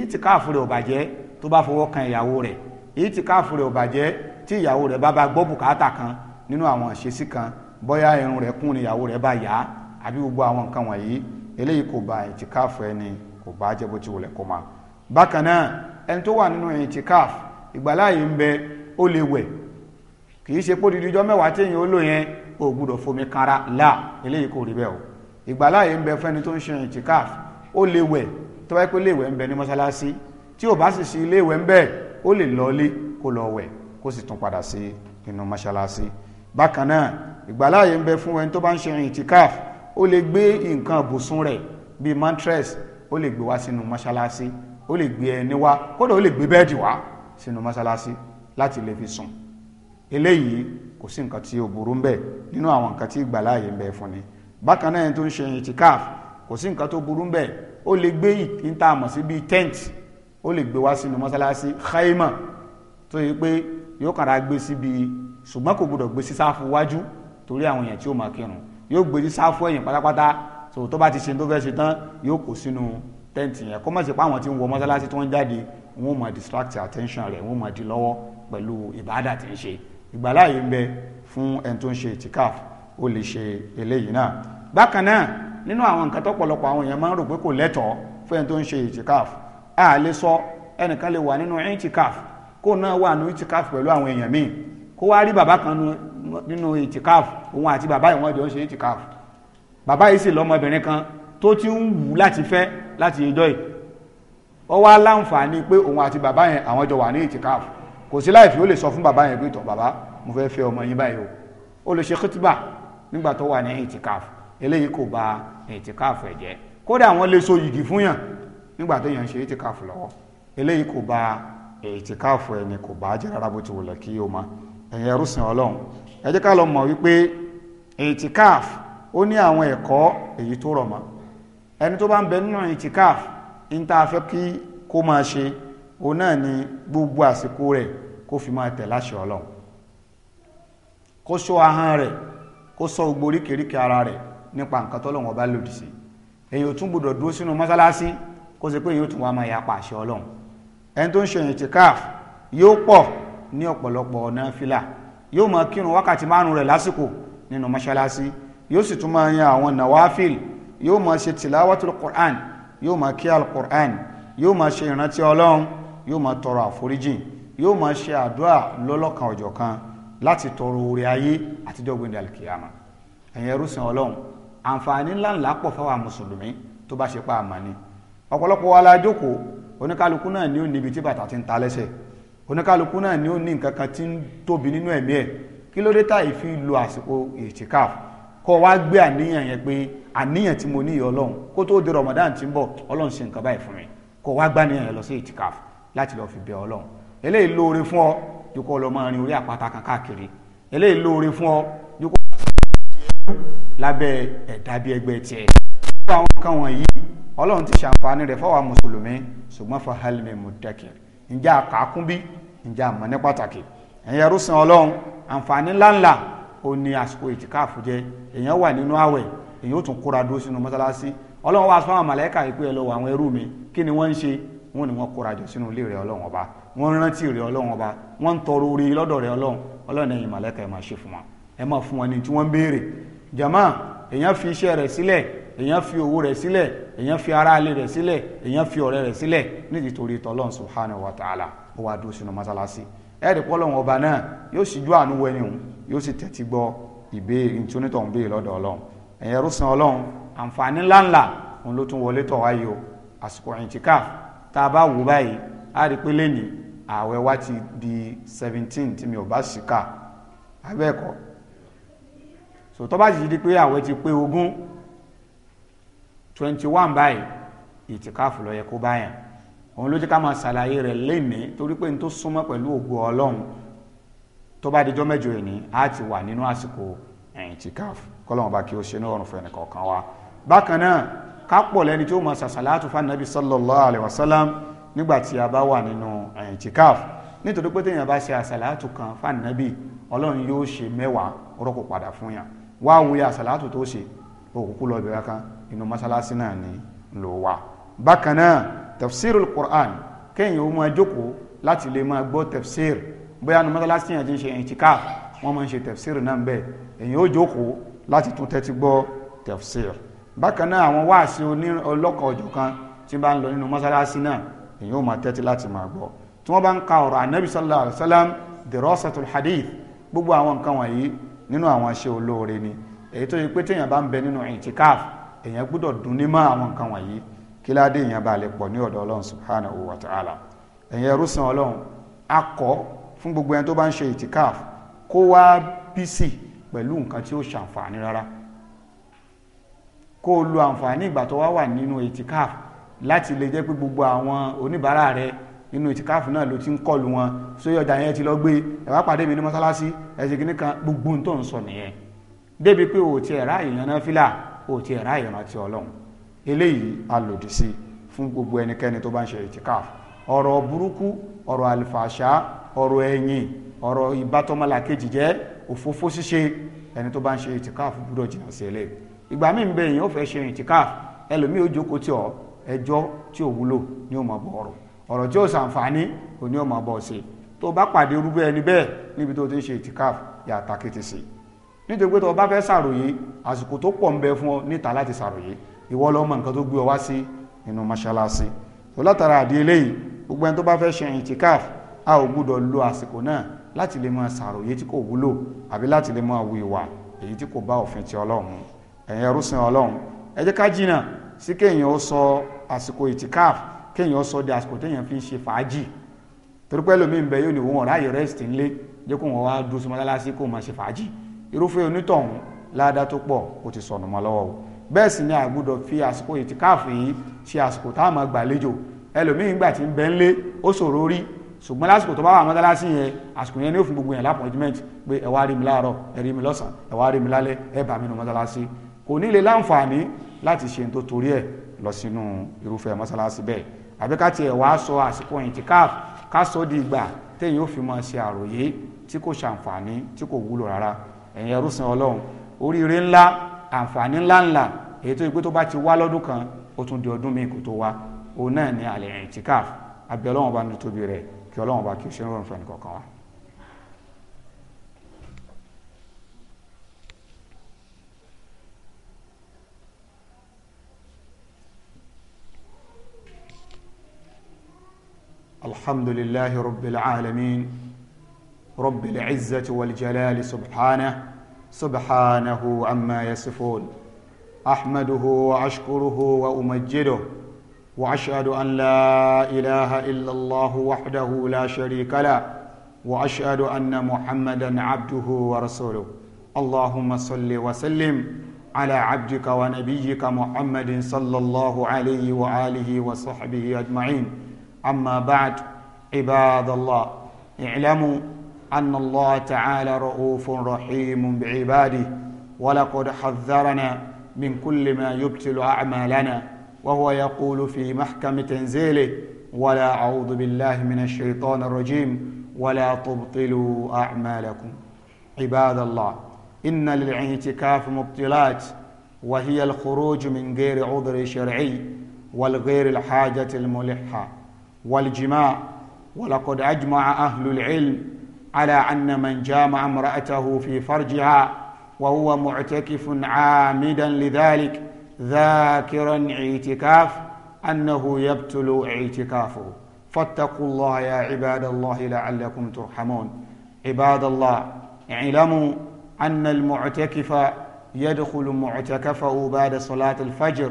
ìtìkáf rẹ̀ ò bàjẹ́ tó bá fọwọ́ kan ìyàwó rẹ̀ ìtìkáf rẹ̀ ò bàjẹ́ tí ìyàwó rẹ̀ bá bá gbọ́ bùkátà kan nínú àwọn ìṣesí kan bóyá irun rẹ̀ kún níyàwó rẹ̀ bá yá àbí gbogbo àwọn nǹkan wọ̀nyí eléyìí kò ba ìtìkáàfù ẹni kò bá jẹ́ bó ti wulẹ̀ kó ma bákan náà ẹni tó wà nínú ìtìkáàfù ìgbàláyè ń bẹ ó lè wẹ̀ kì í ṣe pé odidi ọjọ́ mẹ́wàá téèyàn ó lò yẹn ò gbúdọ̀ fomi kanra là eléyìí kò rí bẹ́ẹ̀ o ìgbàláyè ń bẹ fẹ́ni tó ń ṣe ìtìkáàfù ó ó lè wẹ̀ kó bákan náà ìgbàláyé ń bẹ fún ẹni tó bá ń ṣe ìtìkáf ó lè gbé nǹkan àbùsùn rẹ̀ bíi mattress ó lè gbé wá sínú mọ́ṣáláṣí ó lè gbé ẹni wá kódà ó lè gbé bẹ́ẹ̀dì wá sínú mọ́ṣáláṣí láti lè fi sùn eléyìí kò sí nǹkan tí ó burú ń bẹ nínú àwọn nǹkan tí ìgbàláyé ń bẹ fún ni bákan náà ẹni tó ń ṣe ìtìkáf kò sí nǹkan tó burú ń bẹ ó lè gbé ìta àmọ̀ sí bíi tent ó lè gbé wá sínú mọ́ṣáláṣí khaima tó yẹ pé yóò kàrà gbé síbi ṣùgbọ́n kò gbọdọ̀ gbé sí wájú torí àwọn èèyàn tí ó máa kírun yóò gbèdí sáfù ẹ̀yìn pátápátá so tó bá ti ṣe tó fẹ́ ṣe tán yóò kó sínú tẹ́ǹtì yẹn kó má ṣe pé àwọn tí ń wọ mọ́sálásí tí wọ́n jáde wọ́n máa distract attention rẹ̀ wọ́n máa di lọ́wọ́ pẹ̀lú ìbáàdà tí ń ṣe ìgbàláyé ń bẹ fún ẹni tó ń ṣe ìtìkáf ó lè ṣe eléyìí náà bákan náà nínú àwọn nǹkan tọ́pọ̀lọpọ̀ àwọn èèyàn máa ń rò pé kò lẹ́tọ̀ọ́ fún ẹni tó ń ṣe ìtìkáf a lè sọ ẹnìkan lè wà nínú ìtìkáf kó náà wà nínú ìtìkáf pẹ̀lú àwọn èèyàn míì kó wá rí bàbá kan nínú itikaf òun àti bàbá yìí wọ́n jọ ń ṣe itikaf bàbá yìí sì lọ́mọbìnrin kan tó ti ń wù láti fẹ́ láti ìjọ yìí ó wá láǹfààní pé òun àti bàbá yẹn àwọn jọ wà ní itikaf kò sí láì fi ó lè sọ fún bàbá yẹn pé tọ̀ bàbá mo fẹ́ fẹ́ ọmọ yín báyìí o ó lè ṣe kútùbà nígbà tó wà ní itikaf eléyìí kò bà itikaf ẹ̀ kódà àwọn lè so yìgì fún yàn nígbà tó yàn ń ṣe itikaf lọ́wọ́ eléyìí kò bà itikaf ẹni kò bà jẹ́ rárá bó ti wùlẹ̀ kí o máa ẹ̀yẹ rúsìn ọlọ́run ẹ ká lọ mọ̀ wípé ìtìkáf ó ní àwọn ẹ̀kọ́ èyí tó rọ̀ mọ́ ẹni tó bá ń bẹ nínú ìtìkáf ń tá a fẹ́ kí kó máa ṣe òun náà ni gbogbo àsìkò rẹ̀ kó fi máa tẹ̀ láṣẹ ọlọ́run kó sọ ahọ́n rẹ̀ kó sọ gbogbo oríkèéríkèé ara rẹ̀ nípa nǹkan tọ́lọ́run bá lòdì sí èyí ò tún gbọdọ̀ dúró sínú mọ́sálásí kó ṣe pé èyí ò tún wá máa yapa àṣẹ ọlọ́run ẹni tó ń ṣe ìtìkáf yóò pọ̀ ní ọ̀pọ̀lọpọ̀ náfìlà yóò máa kírun wákàtí márùn rẹ̀ lásìkò nínú mọ́ṣáláṣí yóò sì tún máa yan àwọn nawafil yóò máa ṣe tìláwàtul Qur'an yóò máa kí al-Qur'an yóò máa ṣe ìrántí ọlọ́run yóò máa tọrọ àforíjìn yóò máa ṣe àdúrà lọ́lọ́kan ọ̀jọ̀kan láti tọrọ orí ayé àtijọ́ gbẹ̀ndẹ̀ alkiyama ẹ̀yin ẹrúsìn ọlọ́run àǹfààní ńláńlá pọ̀ fáwọn mùsùlùmí tó bá ṣe pa àmà ni ọ̀pọ̀lọpọ̀ wa la jókòó oníkálukú náà ní níbi tí bàtà ti ń ta lẹ́sẹ̀ oníkálukú náà ni ó ní nǹkan kan tí ń tóbi nínú ẹ̀mí ẹ̀ kí ló dé táyì fi lo àsìkò ìtìkáf kó wá gbé àníyàn yẹn pé àníyàn tí mo ní ìyọ ọlọ́run kó tó di Ramadan tí ń bọ̀ ọlọ́run ṣe nǹkan báyìí fún mi kó wá gbàníyàn yẹn lọ sí ìtìkáf láti lọ fi bẹ ọlọ́run eléyìí lóore fún ọ ju kó lọ máa rin orí àpáta kan káàkiri eléyìí lóore fún ọ ju kó lábẹ́ ẹ̀dá bí ẹgbẹ́ tiẹ̀. ọlọ́run ti ṣàǹfààní rẹ̀ fáwọn mùsùlùmí ṣùgbọ́n fa halimi mudakir ǹjẹ́ àkàkún bí ǹjẹ́ àmọ́ ní pàtàkì ẹ̀yin ẹrú sìn ọlọ́run àǹfààní ńláńlá ó ní jẹ èèyàn wà nínú àwẹ̀ èèyàn ó tún kóra dúró sínú mọ́sálásí ọlọ́run wá sọ àwọn màlẹ́kà yìí pé lọ wọ àwọn ẹrú mi kí ni wọ́n ń ṣe wọ́n ní wọ́n kóra jọ sínú ilé rẹ̀ ọlọ́run ọba wọ́n rántí rẹ̀ ọlọ́run ọba wọ́n ń tọrọ orí lọ́dọ̀ rẹ̀ ọlọ́run ọlọ́run ẹ̀yin màlẹ́kà ẹ máa ṣe fún wọn ẹ máa fún wọn ní tí wọ́n ń béèrè Jama, èèyàn fi iṣẹ́ rẹ̀ sílẹ̀ èèyàn fi owó rẹ̀ sílẹ̀ èèyàn fi ara ilé rẹ̀ sílẹ̀ èèyàn fi ọ̀rẹ́ rẹ̀ sílẹ̀ nítorí tọ́lọ́n subhanahu wa ta'ala ó wá dúró sínú mọ́sálásí ẹ̀rí pọ́lọ́hún ọba náà yóò sì ju àánú wẹni òun yóò sì tẹ́tí gbọ́ ìbéèrè nítònítọ̀ ń béèrè lọ́dọ̀ ọlọ́run ẹ̀yẹ rúsan ọlọ́run àǹfààní ńláńlá òun ló tún wọlé tọ̀ wáyé o àsìkò ìtìkáf tá a bá wò báyìí á pé lẹ́nìí ààwẹ̀ wa ti di seventeen tí mi ò bá sì ká abẹ́ẹ̀kọ́ so tó bá sì di pé ààwẹ̀ ti pé ogún twenty one báyìí ìtìkáàfù ló yẹ kó báyà òun ló jẹ́ ká máa ṣàlàyé rẹ̀ lénìí torí pé n tó súnmọ́ pẹ̀lú ògo ọlọ́run tó bá dijọ́ mẹ́jọ ẹni á ti wà nínú àsìkò ìtìkáàfù kọ́lọ́mọba kí o ṣe ní ọ̀run fún ẹnì wa bákan náà ká pọ̀ lẹ́ni tí ó máa ṣàṣàlátù fanabi sallallahu alayhi wa sallam nígbà tí a bá wà nínú ìtìkáàfù nítorí pé téèyàn bá ṣe àṣàlátù kan fanabi ọlọ́run yóò ṣe mẹ́wàá rọ́pò padà fún yàn wá wuya àṣàlátù inú mọ́sálásí náà ni ló wà bákan náà tafsir al-Qur'an kéèyàn ó máa jókòó láti lè máa gbọ́ tafsir bóyá nu mọ́sálásí yẹn ti ń ṣe i'tikaf wọ́n máa ń ṣe tafsir náà bẹ́ẹ̀ èyàn ó jókòó láti tún tẹ́tí gbọ́ tafsir bákan náà àwọn wáàsí ọlọ́kọ̀ ọ̀jọ̀kan tí bá ń lọ nínú mọ́sálásí náà èyàn ó máa tẹ́tí láti máa gbọ́ tí wọ́n bá ń ka ọ̀rọ̀ anabi sallallahu alayhi wa sallam dirasatul hadith gbogbo àwọn nǹkan wọ̀nyí nínú àwọn iṣẹ́ olóore ni èyí tó yẹ pé téèyàn bá ń bẹ nínú i'tikaf èèyàn gbọ́dọ̀ dùn ní mọ́ àwọn nǹkan wọ̀nyí kí ládé èèyàn bá lè pọ̀ ní ọ̀dọ̀ ọlọ́run subhanahu wa ta'ala ẹ̀yin ẹrú san ọlọ́run akọ fún gbogbo ẹni tó bá ń ṣe ìtìkáf kó wá bísì pẹ̀lú nǹkan tí ó ṣàǹfààní rárá kó o lo àǹfààní ìgbà tó wá wà nínú ìtìkáf láti lè jẹ́ pé gbogbo àwọn oníbàárà rẹ nínú ìtìkáf náà ló ti ń kọlu wọn sóyè ọjà yẹn ti lọ gbé ẹ pàdé mi ní mọ́sálásí ẹ̀sìn kìnnìkan gbogbo ohun tó ń sọ nìyẹn débi pé òòtí ẹ̀rá èèyàn náà fílà ó ti ẹ̀rá ìrántí ọlọ́run eléyìí a lòdì sí fún gbogbo ẹnikẹ́ni tó bá ń ṣe ìtìkáf ọ̀rọ̀ burúkú ọ̀rọ̀ àlìfàṣà ọ̀rọ̀ ẹ̀yìn ọ̀rọ̀ ìbátọ́mọlà kejì jẹ́ òfófó ṣíṣe ẹni tó bá ń ṣe ìtìkáf gbúdọ̀ jìnnà sí ilé ìgbà míì ń bẹ èèyàn ó fẹ́ ṣe ìtìkáf ẹlòmíì ó jókòó tí ọ ẹjọ́ tí ò wúlò ní ó máa bọ̀ ọ̀rọ̀ ọ̀rọ̀ tí ó ṣàǹfààní ò ní ó máa bọ̀ ṣe tó bá pàdé irúgbẹ́ ẹni bẹ́ẹ̀ níbi tó ti ń ṣe ìtìkáf yàtàkìtì sí i nítorí pé tó o bá fẹ́ ṣàròyé àsìkò tó pọ̀ ń bẹ fún ọ níta láti ṣàròyé ìwọ lọ́mọ nǹkan tó gbé ọ wá sí nínú mọ́ṣáláṣí tó látara àdí eléyìí gbogbo ẹni tó bá fẹ́ ṣe ìtìkáf a ò gbúdọ̀ lo àsìkò náà láti lè máa ṣàròyé tí kò wúlò àbí láti lè máa wu ìwà èyí tí kò bá òfin ti ọlọ́run ẹ̀yin ẹrúsìn ọlọ́run ẹ jẹ́ ká jìnnà sí kéèyàn ó sọ àsìkò ìtìkáf kéèyàn ó sọ di àsìkò téèyàn fi ń ṣe fàájì torí pé ẹlòmíín bẹ yóò ní òun ọ̀rá yìí rẹ́sìtì ńlé jẹ́ kó wọn wá dúró sí mọ́tálásí kó máa ṣe fàájì irúfẹ́ onítọ̀hún ládá tó pọ̀ ó ti sọnù mọ́ lọ́wọ́ o bẹ́ẹ̀ sì ni àgbúdọ̀ fi àsìkò ìtìkáàfù yìí ṣe àsìkò tá a máa gbàlejò ẹlòmíín gbà tí ń bẹ ńlé ó ṣòro rí ṣùgbọ́n lásìkò tó bá wà mọ́tálásí yẹn àsìkò yẹn ní òfin gbogbo yẹn lápọ̀jùmẹ́ǹt pé ẹ wá rí mi láàárọ̀ ẹ rí mi lọ́sàn ẹ wá rí mi lálẹ́ ẹ bá mi nù mọ́tálásí kò ní lè láǹfààní láti ṣe tó torí ẹ lọ sínú irúfẹ́ mọ́tálásí bẹ́ẹ̀ àbí ká tiẹ̀ wá sọ àsìkò ìtìkáàfù ká sọ di ìgbà téèyàn ó fi máa ṣe àròyé tí kò ṣàǹfààní tí kò wúlò rárá ẹ̀yin ẹrúsìn ọlọ́run oríire ńlá àǹfààní ńláńlá èyí tó yẹ pé tó bá ti wá lọ́dún kan ó tún di ọdún míì kó tó wá òun náà ni àlẹ́ ìtìkáf abẹ́ ọlọ́run bá ní tóbi rẹ̀ kí ọlọ́run bá kí o ṣe ń rọrùn fún ẹnìkọ̀ọ̀kan wa. alhamdulillahi rabbil alamin. رب العزة والجلال سبحانه سبحانه عما يصفون أحمده وأشكره وأمجده وأشهد أن لا إله إلا الله وحده لا شريك له وأشهد أن محمدا عبده ورسوله اللهم صل وسلم على عبدك ونبيك محمد صلى الله عليه وآله وصحبه أجمعين أما بعد عباد الله اعلموا أن الله تعالى رؤوف رحيم بعباده ولقد حذرنا من كل ما يبتل أعمالنا وهو يقول في محكم تنزيله ولا أعوذ بالله من الشيطان الرجيم ولا تبطلوا أعمالكم عباد الله إن للاعتكاف مبطلات وهي الخروج من غير عذر شرعي والغير الحاجة الملحة والجماع ولقد أجمع أهل العلم على أن من جامع امرأته في فرجها وهو معتكف عامدا لذلك ذاكرا اعتكاف أنه يبتل اعتكافه فاتقوا الله يا عباد الله لعلكم ترحمون عباد الله اعلموا أن المعتكف يدخل معتكفه بعد صلاة الفجر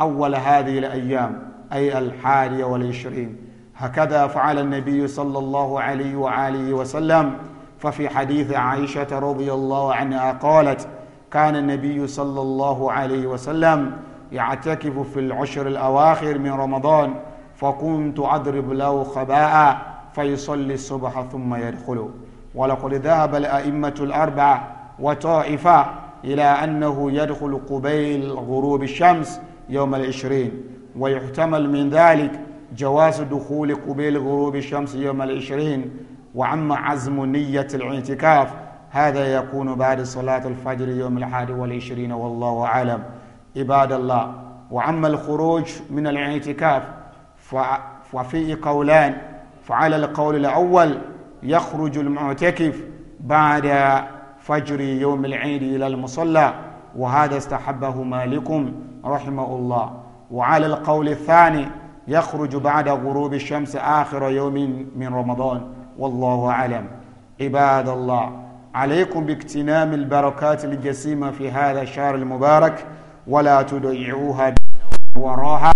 أول هذه الأيام أي الحادية والعشرين هكذا فعل النبي صلى الله عليه وآله وسلم ففي حديث عائشة رضي الله عنها قالت كان النبي صلى الله عليه وسلم يعتكف في العشر الأواخر من رمضان فكنت أضرب له خباء فيصلي الصبح ثم يدخل ولقد ذهب الأئمة الأربعة وطائفة إلى أنه يدخل قبيل غروب الشمس يوم العشرين ويحتمل من ذلك جواز دخول قبيل غروب الشمس يوم العشرين وعم عزم نية الاعتكاف هذا يكون بعد صلاة الفجر يوم الحادي والعشرين والله أعلم عباد الله وعم الخروج من الاعتكاف ففي قولان فعلى القول الأول يخرج المعتكف بعد فجر يوم العيد إلى المصلى وهذا استحبه مالك رحمه الله وعلى القول الثاني يخرج بعد غروب الشمس آخر يوم من رمضان والله أعلم عباد الله عليكم باكتنام البركات الجسيمة في هذا الشهر المبارك ولا تضيعوها وراها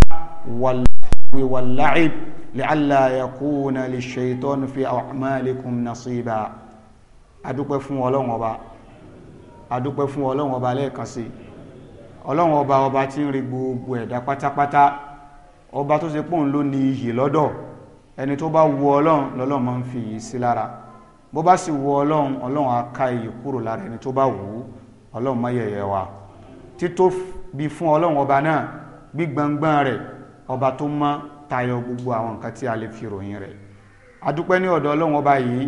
واللعب لئلا يكون للشيطان في أعمالكم نصيبا adúpẹ́ fún ọlọ́run ọba adúpẹ́ fún ọlọ́run ọba lẹ́ẹ̀kan sí ọlọ́run ọba ọba tí ń rí ọba tó ṣe pòun ló ní iyì lọ́dọ̀ ẹni tó bá wu ọlọ́run lọ́lọ́run máa ń fi iyì sí lára bó bá sì wu ọlọ́run ọlọ́run á ká iyì kúrò lára ẹni tó bá wù ú ọlọ́run má yẹ̀yẹ̀ wa títóbi fún ọlọ́run ọba náà gbígbọngbọ́n rẹ̀ ọba tó mọ́ tayọ gbogbo àwọn nǹkan tí a lè fi ròyìn rẹ̀ adúpẹ́ ní ọ̀dọ̀ ọlọ́run ọba yìí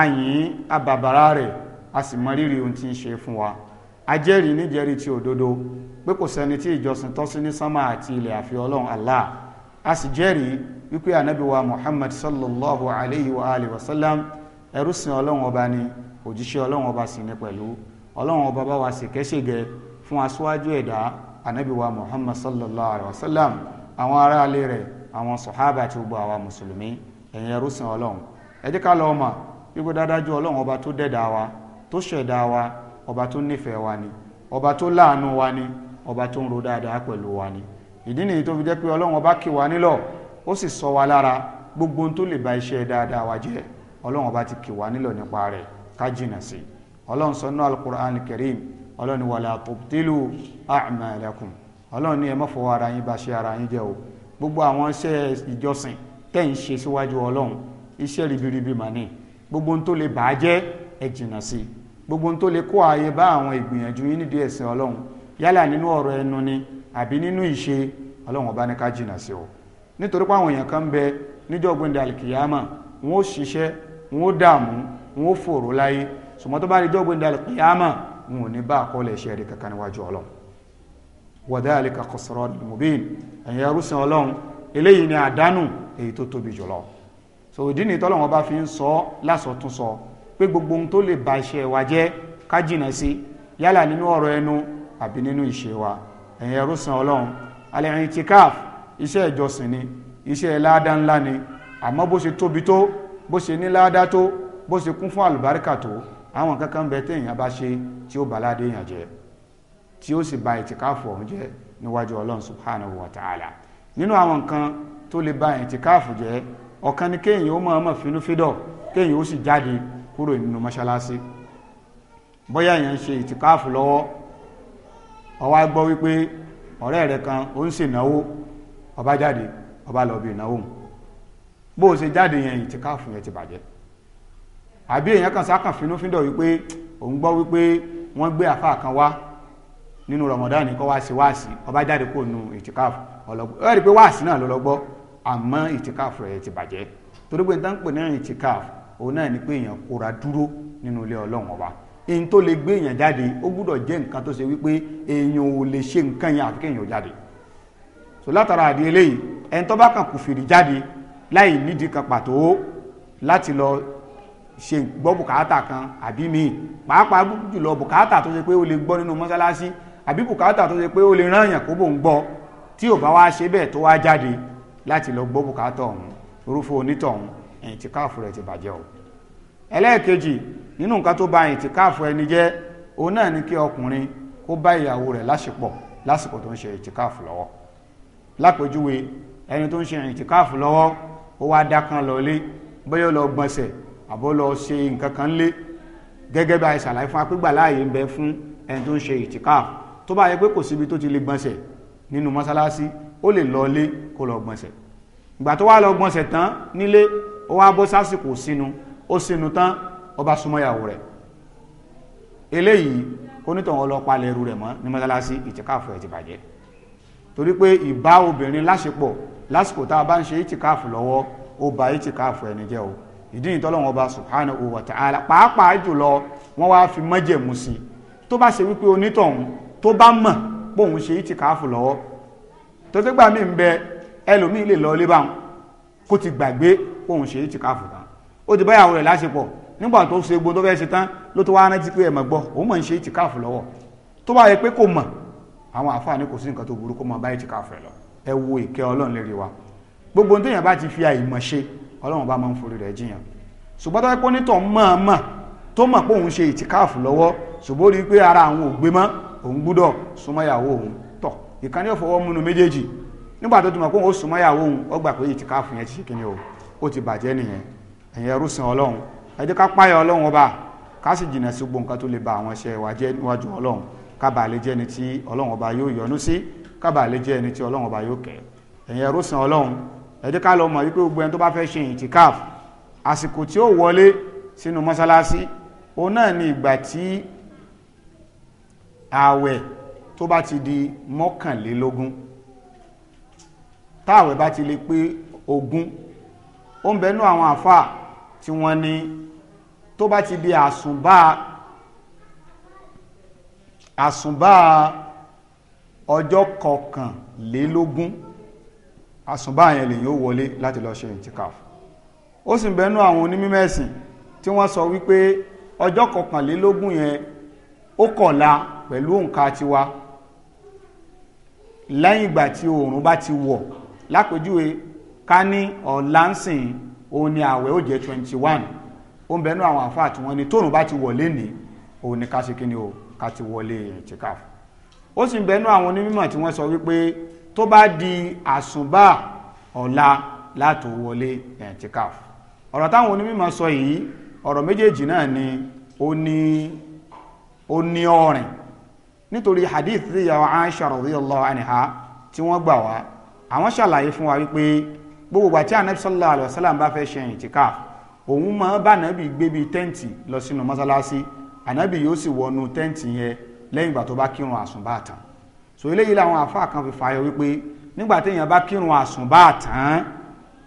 àyìn àbàbàrà rẹ̀ a sì mọ rírì ohun tí ń ṣe fún wa ajẹ́rìí níjẹ́rìí ti òdodo pé kò sẹ́ni tí ìjọsìn tọ́ sí ní sánmà àti ilẹ̀ àfi ọlọ́run allah a sì jẹ́rìí wípé ànábì muhammad sallallahu alayhi wa alihi wa sallam ẹrú sin ọlọ́run ọba ni òjíṣẹ́ ọlọ́run ọba sì ni pẹ̀lú ọlọ́run ọba bá wa sì kẹ́sẹ̀gẹ fún aṣáájú ẹ̀dá ànábì muhammad sallallahu alayhi wa sallam àwọn aráalé rẹ̀ àwọn sọ̀hábà àti gbogbo àwa mùsùlùmí ẹ̀yin ẹrú sin ọlọ́run ẹ jẹ́ ká lọ́ọ́ mọ̀ wípé dáadájú ọlọ́run ọba tó dẹ̀dá wa tó ṣẹ̀dá wa ọba tó nífẹ̀ẹ́ wa ni ọba tó láàánú wa ni ọba tó ń ro dáadáa pẹ̀lú wa ni ìdí nìyí tó fi jẹ́ pé ọlọ́run ọba kì wá nílọ̀ ó sì sọ wa lára gbogbo ohun tó lè ba iṣẹ́ dáadáa wa jẹ́ ọlọ́run ọba ti kì wá nílọ̀ nípa rẹ̀ ká jìnà sí ọlọ́run sọ nínú alukur'an karim ọlọ́run wàlá tubtilu a'malakum ọlọ́run ní ẹ má ara yín ba ṣe ara yín jẹ́ o gbogbo àwọn iṣẹ́ ìjọsìn tẹ́ ń ṣe síwájú ọlọ́run iṣẹ́ ribiribi mà gbogbo ohun tó lè bàá jẹ́ ẹ jìnà sí i gbogbo tó lè kó ààyè bá àwọn ìgbìyànjú yín nídìí ẹ̀sìn ọlọ́run yálà nínú ọ̀rọ̀ ẹnu ni àbí nínú ìṣe ọlọ́run ọba ní ká jìnà sí o nítorí pé àwọn èèyàn kan ń bẹ níjọ́ gbẹ̀ndẹ̀ àlìkìyàmà wọn ó ṣiṣẹ́ wọn ó dààmú wọn ó fòrò láyé ṣùgbọ́n tó bá rí jọ́gbìn dàlẹ́ kìyàmà wọn ò ní bá àkọọ́lẹ̀ iṣẹ́ rí kankan níwájú ọlọ́run wadhalika khusran mubin ẹ̀yin arúsìn ọlọ́run eléyìí ni àdánù èyí so ìdí ni tọ́lọ́run bá fi ń sọ lásọtúnsọ pé gbogbo ohun tó lè ba iṣẹ́ wa jẹ́ ká jìnà sí yálà nínú ọ̀rọ̀ ẹnu àbí nínú ìṣe wa ẹ̀yin ẹrúsàn ọlọ́run alẹ́ itikaf iṣẹ́ ìjọsìn ni iṣẹ́ láàdá ńlá ni àmọ́ bó ṣe tóbi tó bó ṣe ní láàdá tó bó ṣe kún fún àlùbáríkà tó àwọn kankan bẹ téèyàn bá ṣe tí ó bàládé èèyàn jẹ tí ó sì ba ìtìkáàfù ọ̀hún jẹ níwájú ọlọ́run subhanahu wa ta'ala nínú àwọn nǹkan tó lè ba ìtìkáàfù jẹ ọ̀kan ni kéèyàn ó mọ̀ọ́mọ̀ finúfídọ̀ kéèyàn ó sì jáde kúrò nínú mọ́ṣáláṣí bóyá èèyàn ń ṣe ìtìkáàfù lọ́wọ́ ó wá gbọ́ wípé ọ̀rẹ́ rẹ̀ kan ó ń ṣènáwó ó bá jáde ó bá lọ bí ìnáwó bó o ṣe jáde yẹn ìtìkáàfù yẹn ti bàjẹ́ àbí èèyàn kan sákàn fínúfíndọ̀ wípé òun gbọ́ wípé wọ́n gbé àfáà kan wá nínú Ramadan ní kọ́ wá sí wáàsí ó bá jáde kó nu ìtìkáàfù ọlọ́gbọ́ ẹ rí i pé wáàsí náà ló lọ gbọ́ àmọ́ ìtìkáàfù rẹ̀ ti bàjẹ́ torí pé ní tá ń pè ní ìtìkáàfù òun náà ni pé èèyàn kóra dúró nínú ilé ọlọ́run ọba èyí tó lè gbé èèyàn jáde ó gbúdọ̀ jẹ́ nǹkan tó ṣe wípé èèyàn ò lè ṣe nǹkan yẹn àfi kéèyàn jáde so látara àdí eléyìí ẹni tó bá kàn kò fìrí jáde láì nídìí kan pàtó láti lọ ṣe gbọ́ bùkátà kan àbí míì pàápàá jùlọ bùkátà tó ṣe pé ó lè gbọ́ nínú mọ́sálásí àbí bùkátà tó ṣe pé ó lè rán èèyàn kó bò ń gbọ́ tí ò bá wá ṣe bẹ́ẹ̀ tó wá jáde láti lọ gbọ́ bùkátà ọ̀hún orúfo onítọ̀hún ìtìkáàfù rẹ̀ ti bàjẹ́ o ẹlẹ́ẹ̀kejì nínú nǹkan tó ba ìtìkáàfù ẹni jẹ́ òun náà ni kí ọkùnrin kó bá ìyàwó rẹ̀ láṣepọ̀ lásìkò tó ń ṣe ìtìkáàfù lọ́wọ́ lápèjúwe ẹni tó ń ṣe ìtìkáàfù lọ́wọ́ ó wá dákan lọlé bóyá lọ gbọ̀nsẹ̀ àbó lọ ṣe nǹkan kan lé gẹ́gẹ́ bí a ṣàlàyé fún apígbà láàyè ń bẹ fún ẹni tó ń ṣe ìtìkáàfù tó bá yẹ pé kò síbi tó ti lè gbọ̀nsẹ̀ nínú mọ́sálásí ó lè lọ lé kó lọ gbọ̀nsẹ̀ ìgbà tó wá lọ gbọ̀nsẹ̀ tán nílé ó wá bọ́ sásìkò sínú ó sínú tán ó bá súnmọ́ ìyàwó rẹ̀ eléyìí onítọ̀hún ọlọ́pàá lẹ́rú rẹ̀ mọ́ ní mọ́tálásí ìtìkáàfù ẹ̀ ti bàjẹ́ torí pé ìbá obìnrin láṣepọ̀ lásìkò tá a bá ń ṣe ìtìkáàfù lọ́wọ́ ó ba ìtìkáàfù ẹni jẹ́ o ìdí ìtọ́lọ́wọ́n ọba subhanahu wa ta'ala pàápàá jùlọ wọ́n wá fi májẹ̀mú sí i tó bá ṣe wípé onítọ̀hún tó bá mọ̀ bóun ṣe ìtìkáàfù lọ́wọ́ tó tó gbà mí ń bẹ ẹlòmíì lè lọ ilé kó ti gbàgbé pé òun ṣe ti káfù tán ó ti báyàwó rẹ̀ láṣepọ̀ nígbà tó ṣe gbogbo tó fẹ́ ṣe tán ló tó wá rántí pé ẹ̀mọ̀ gbọ́ òun mọ̀ ṣe ti káfù lọ́wọ́ tó bá yẹ pé kò mọ̀ àwọn àfààní kò sí nǹkan tó burú kó mọ báyìí ti lọ ẹ wo gbogbo bá ti fi ṣe ọlọ́run bá máa ń forí rẹ̀ jiyàn ṣùgbọ́n tó yẹ pé tó mọ̀ pé òun ó ti bàjẹ́ nìyẹn ẹ̀yin ẹrúsìn ọlọ́run ẹ jẹ́ ká páyà ọlọ́run ọba ká sì jìnà sí gbogbo nǹkan tó lè ba àwọn iṣẹ́ wa jẹ́ níwájú ọlọ́run ká bàa lè jẹ́ ẹni tí ọlọ́run ọba yóò yọ́nú sí ká bàa lè jẹ́ ẹni tí ọlọ́run ọba yóò kẹ́ ẹ̀yin ẹrúsìn ọlọ́run ẹ ká lọ mọ̀ wípé gbogbo ẹni tó bá fẹ́ ṣe ìtìkáf àsìkò tí ó wọlé sínú mọ́sálásí òun náà ni ìgbà tí ààwẹ̀ tó bá ti di mọ́kànlélógún táàwẹ̀ bá ti lè pé ogún ó ń bẹnú àwọn àfà tí wọ́n ní tó bá ti di àsùnbà àsùnbà ọjọ́ kọkànlélógún àsùnbà yẹn lèyìn ó wọlé láti lọ ṣe ìtìkàf ó sì ń bẹnú àwọn onímímẹ́sìn tí wọ́n sọ wípé ọjọ́ kọkànlélógún yẹn ó kọ̀la pẹ̀lú òǹkà tiwa lẹ́yìn ìgbà tí oòrùn bá ti wọ̀ lápèjúwe ká ní ọ̀làǹsìn òun ni àwẹ̀ ó jẹ́ twenty one ó ń àwọn àfáà tí wọ́n ní tóun bá ti wọlé ní òun ni ká ṣe kí ni o ká ti wọlé ìtìkáf ó sì ń bẹnu àwọn onímọ̀ tí wọ́n sọ wípé tó bá di àsùnbà ọ̀la látò wọlé ìtìkáf ọ̀rọ̀ táwọn onímọ̀ sọ yìí ọ̀rọ̀ méjèèjì náà ni ó ní ó ní ọ̀rìn nítorí hadith tí ìyá Aisha radiyallahu anha tí wọ́n gbà wá àwọn ṣàlàyé fún wa wípé gbogbo gbàtí anabi sallallahu alayhi wa sallam bá fẹ́ ṣe ìtìkáf òun máa bá anabi gbé bíi tẹ́ǹtì lọ sínú mọ́sálásí anabi yóò sì wọnú tẹ́ǹtì yẹn lẹ́yìn ìgbà tó bá kírun àsùnbà tán so eléyìí làwọn àfáà kan fi fààyọ wípé nígbà téèyàn bá kírun àsùnbà tán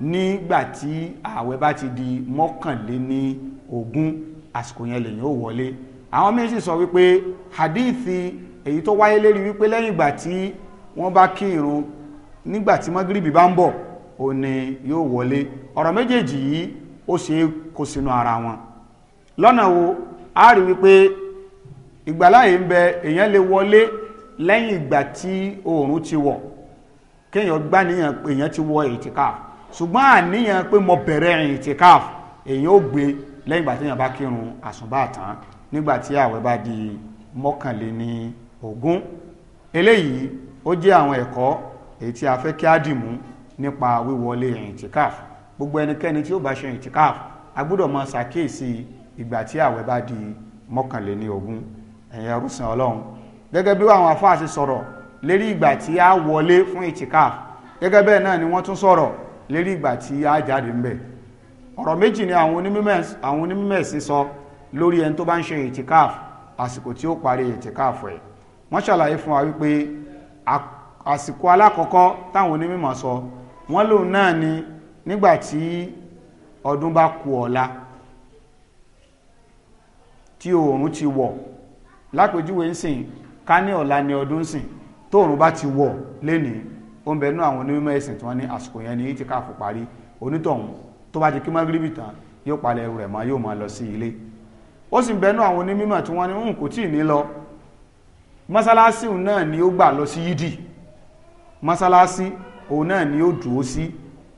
nígbà tí ààwẹ̀ bá ti di mọ́kànléní ogún àsìkò yẹn lèyìn ó wọlé àwọn méjì sọ wípé hadithi èyí tó wáyé lérí wípé lẹ́yìn ìgbà tí wọ́n bá kírun nígbà tí mọ́gírìbì bá ń bọ̀ ó ní yóò wọlé ọ̀rọ̀ méjèèjì yìí ó ṣe é kó sínú ara wọn lọ́nà wo a rí wípé ìgbàláyé ń bẹ èèyàn lè wọlé lẹ́yìn ìgbà tí oòrùn ti wọ̀ kéèyàn gbá níyàn pé èèyàn ti wọ ìtìkáf ṣùgbọ́n àníyàn pé mo bẹ̀rẹ̀ ìtìkáf èèyàn ó gbé lẹ́yìn ìgbà téèyàn bá kírun àsùnbà nígbà tí àwẹ̀ bá di mọ́kànléní ogún eléyìí ó jẹ́ àwọn ẹ̀kọ́ èyí tí a fẹ́ kí á dìmú nípa wíwọlé ìtìkáf gbogbo ẹnikẹ́ni tí ó bá ṣe ìtìkáf a gbọ́dọ̀ máa ṣàkíyèsí ìgbà tí àwẹ̀ bá di mọ́kànléní ogún ẹ̀yẹ rúṣin ọlọ́run gẹ́gẹ́ bí àwọn afáà ti sọ̀rọ̀ lérí ìgbà tí a wọlé fún ìtìkáf gẹ́gẹ́ bẹ́ẹ̀ náà ni wọ́n tún sọ̀rọ̀ lérí ìgbà tí a jáde ńbẹ̀ ọ̀rọ̀ méjì ni àwọn onímọ̀ sí sọ lórí ẹni tó bá ń ṣe ìtìkáf àsìkò tí ó parí ìtìkáf ẹ̀ wọ́n ṣàlàyé fún wa wípé àsìkò alákọ̀ọ́kọ́ táwọn onímọ̀ sọ wọ́n lòun náà ni nígbàtí ọdún bá kù ọ̀la tí oòrùn ti wọ̀ lápèjúwe ń sìn ká ní ọ̀la ni ọdún sìn tóòrùn bá ti wọ̀ lénìí ó ń bẹ nú àwọn onímọ̀ ẹ̀sìn tí wọ́n ní àsìkò yẹn ni ti káàfù parí onítọ̀hún tó bá ti kí mágíríbì tán yóò palẹ̀ rẹ̀ mọ́ yóò máa lọ sí ilé ó sì ń bẹ nú àwọn onímọ̀ tí wọ́n ní ń kò tíì ní lọ mọ́sálásí náà ni ó gbà lọ sí yídì mọ́sálásí òun náà ni ó dúró sí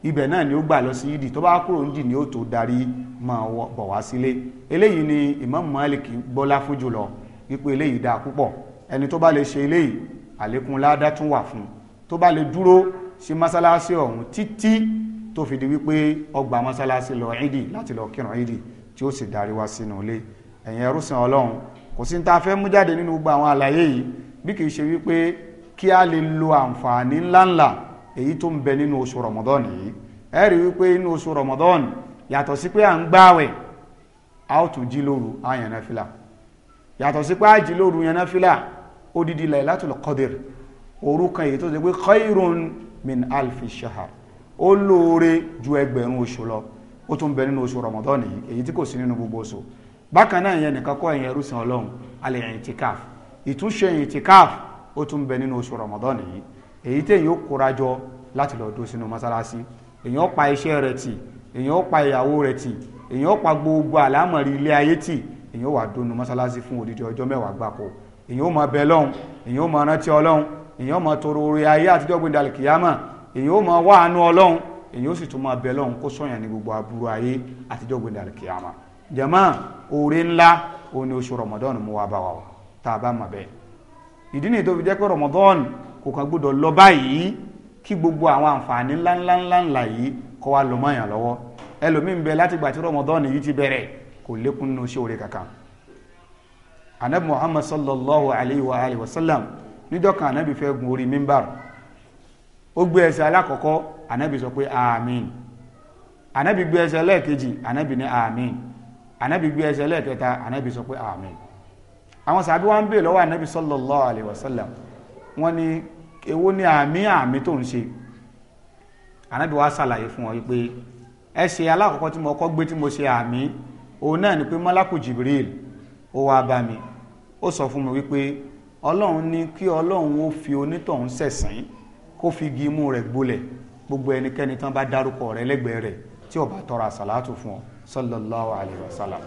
ibẹ̀ náà ni ó gbà lọ sí yídì tó bá kúrò nídì ni ó tó darí máa bọ̀ wá sílé eléyìí ni Imam Malik gbọ́lá fún jùlọ wípé eléyìí dáa púpọ̀ ẹni tó bá lè ṣe eléyìí àlékún ládá tún wà fún tó bá lè dúró sí mọ́sálásí ọ̀hún títí tó fi di wípé ọgbà mọ́sálásí lọ yídì láti lọ kírun yídì tí ó sì darí wá sínú ilé ẹ̀yin ẹrúsìn Ọlọ́run kò sí ta fẹ́ mú jáde nínú gbogbo àwọn àlàyé yìí bí kì í ṣe wípé kí a lè lo àǹfààní ńláńlá èyí tó ń bẹ nínú oṣù Ramadan yìí ẹ rí wípé nínú oṣù Ramadan yàtọ̀ sí pé à ń gbààwẹ̀ a ó tún jí lóru a yàn náfìlà yàtọ̀ sí pé a jí lóru yàn náfìlà odidi Lailatul Qadr òru kan èyí tó ṣe pé khairun min alfi shahar ó lóore ju ẹgbẹ̀rún oṣù lọ ó tún bẹ nínú oṣù Ramadan yìí èyí tí kò sí nínú gbogbo oṣù bákan náà ìyẹn nìkan kọ́ ẹ̀yìn ẹrúsìn Ọlọ́run alẹ́ ìtìkáf ìtúnṣe ìtìkáf ó tún bẹ nínú oṣù Ramadan yìí èyí tẹ̀yìn ó kóra jọ láti lọ dó sínú mọ́sálásí èyàn pa iṣẹ́ rẹ̀ tì èyàn pa ìyàwó rẹ̀ tì èyàn pa gbogbo àlámọ̀rí ilé ayé tì èyàn wà dónú mọ́sálásí fún odidi ọjọ́ mẹ́wàá gbáko èyàn ó máa bẹ lọ́hùn èyàn ó máa rántí ọlọ́hun èyàn ó máa tọrọ orí ayé àtijọ́ gbẹ̀dẹ̀ àlìkìyámà èyàn ó máa wá àánú ọlọ́hun èyàn ó sì tún máa bẹ lọ́hùn kó sọ̀yàn ní gbogbo aburú ayé àtijọ́ gbẹ̀dẹ̀ àlìkìyámà jàmá oore ńlá òun oṣù rọmọdọ́ọ̀nù mú wa bá wa tá a bá mọ̀ bẹ́ẹ̀ ìdí nìyí tó jẹ́ pé rọmọdọ́ọ̀nù kò kàn gbọ́dọ̀ lọ báyìí kí gbogbo àwọn àǹfààní ńláńláńlá yìí kọ́ wa lọ mọ́yàn lọ́wọ́ ẹlòmíín bẹ láti gbà tí rọmọdọ́ọ̀nù yìí ti bẹ̀rẹ̀ kò lékún nínú iṣẹ́ òre kankan anabi muhammad sallallahu alayhi wa alayhi wa sallam níjọ́ kan anabi fẹ́ gun orí mímbàr ó gbé ẹsẹ̀ alákọ̀ọ́kọ́ anabi sọ pé amiin anabi gbé ẹsẹ̀ lẹ́ẹ̀kejì anabi ní amiin anabi gbé ẹsẹ̀ lẹ́ẹ̀kẹta anabi sọ pé amiin àwọn sàbí wa ń bè lọ́wọ́ anabi sallallahu alayhi wa sallam wọ́n ní èwo ni àmì àmì tó ń ṣe ànábì wa ṣàlàyé fún ọ pé ẹ ṣe alákọ̀ọ́kọ́ tí mo kọ́ gbé tí mo ṣe àmì òun náà ni pe malaku Jibril ó wá bá mi ó sọ fún mi wípé ọlọ́run ní kí ọlọ́run ó fi onítọ̀hún sẹ̀sìn kó fi igi imú rẹ̀ gbolẹ̀ gbogbo ẹnikẹ́ni tán bá dárúkọ rẹ̀ lẹ́gbẹ̀ẹ́ rẹ̀ tí ó tọrọ àsàlátù fún ọ sallallahu alayhi wa sallam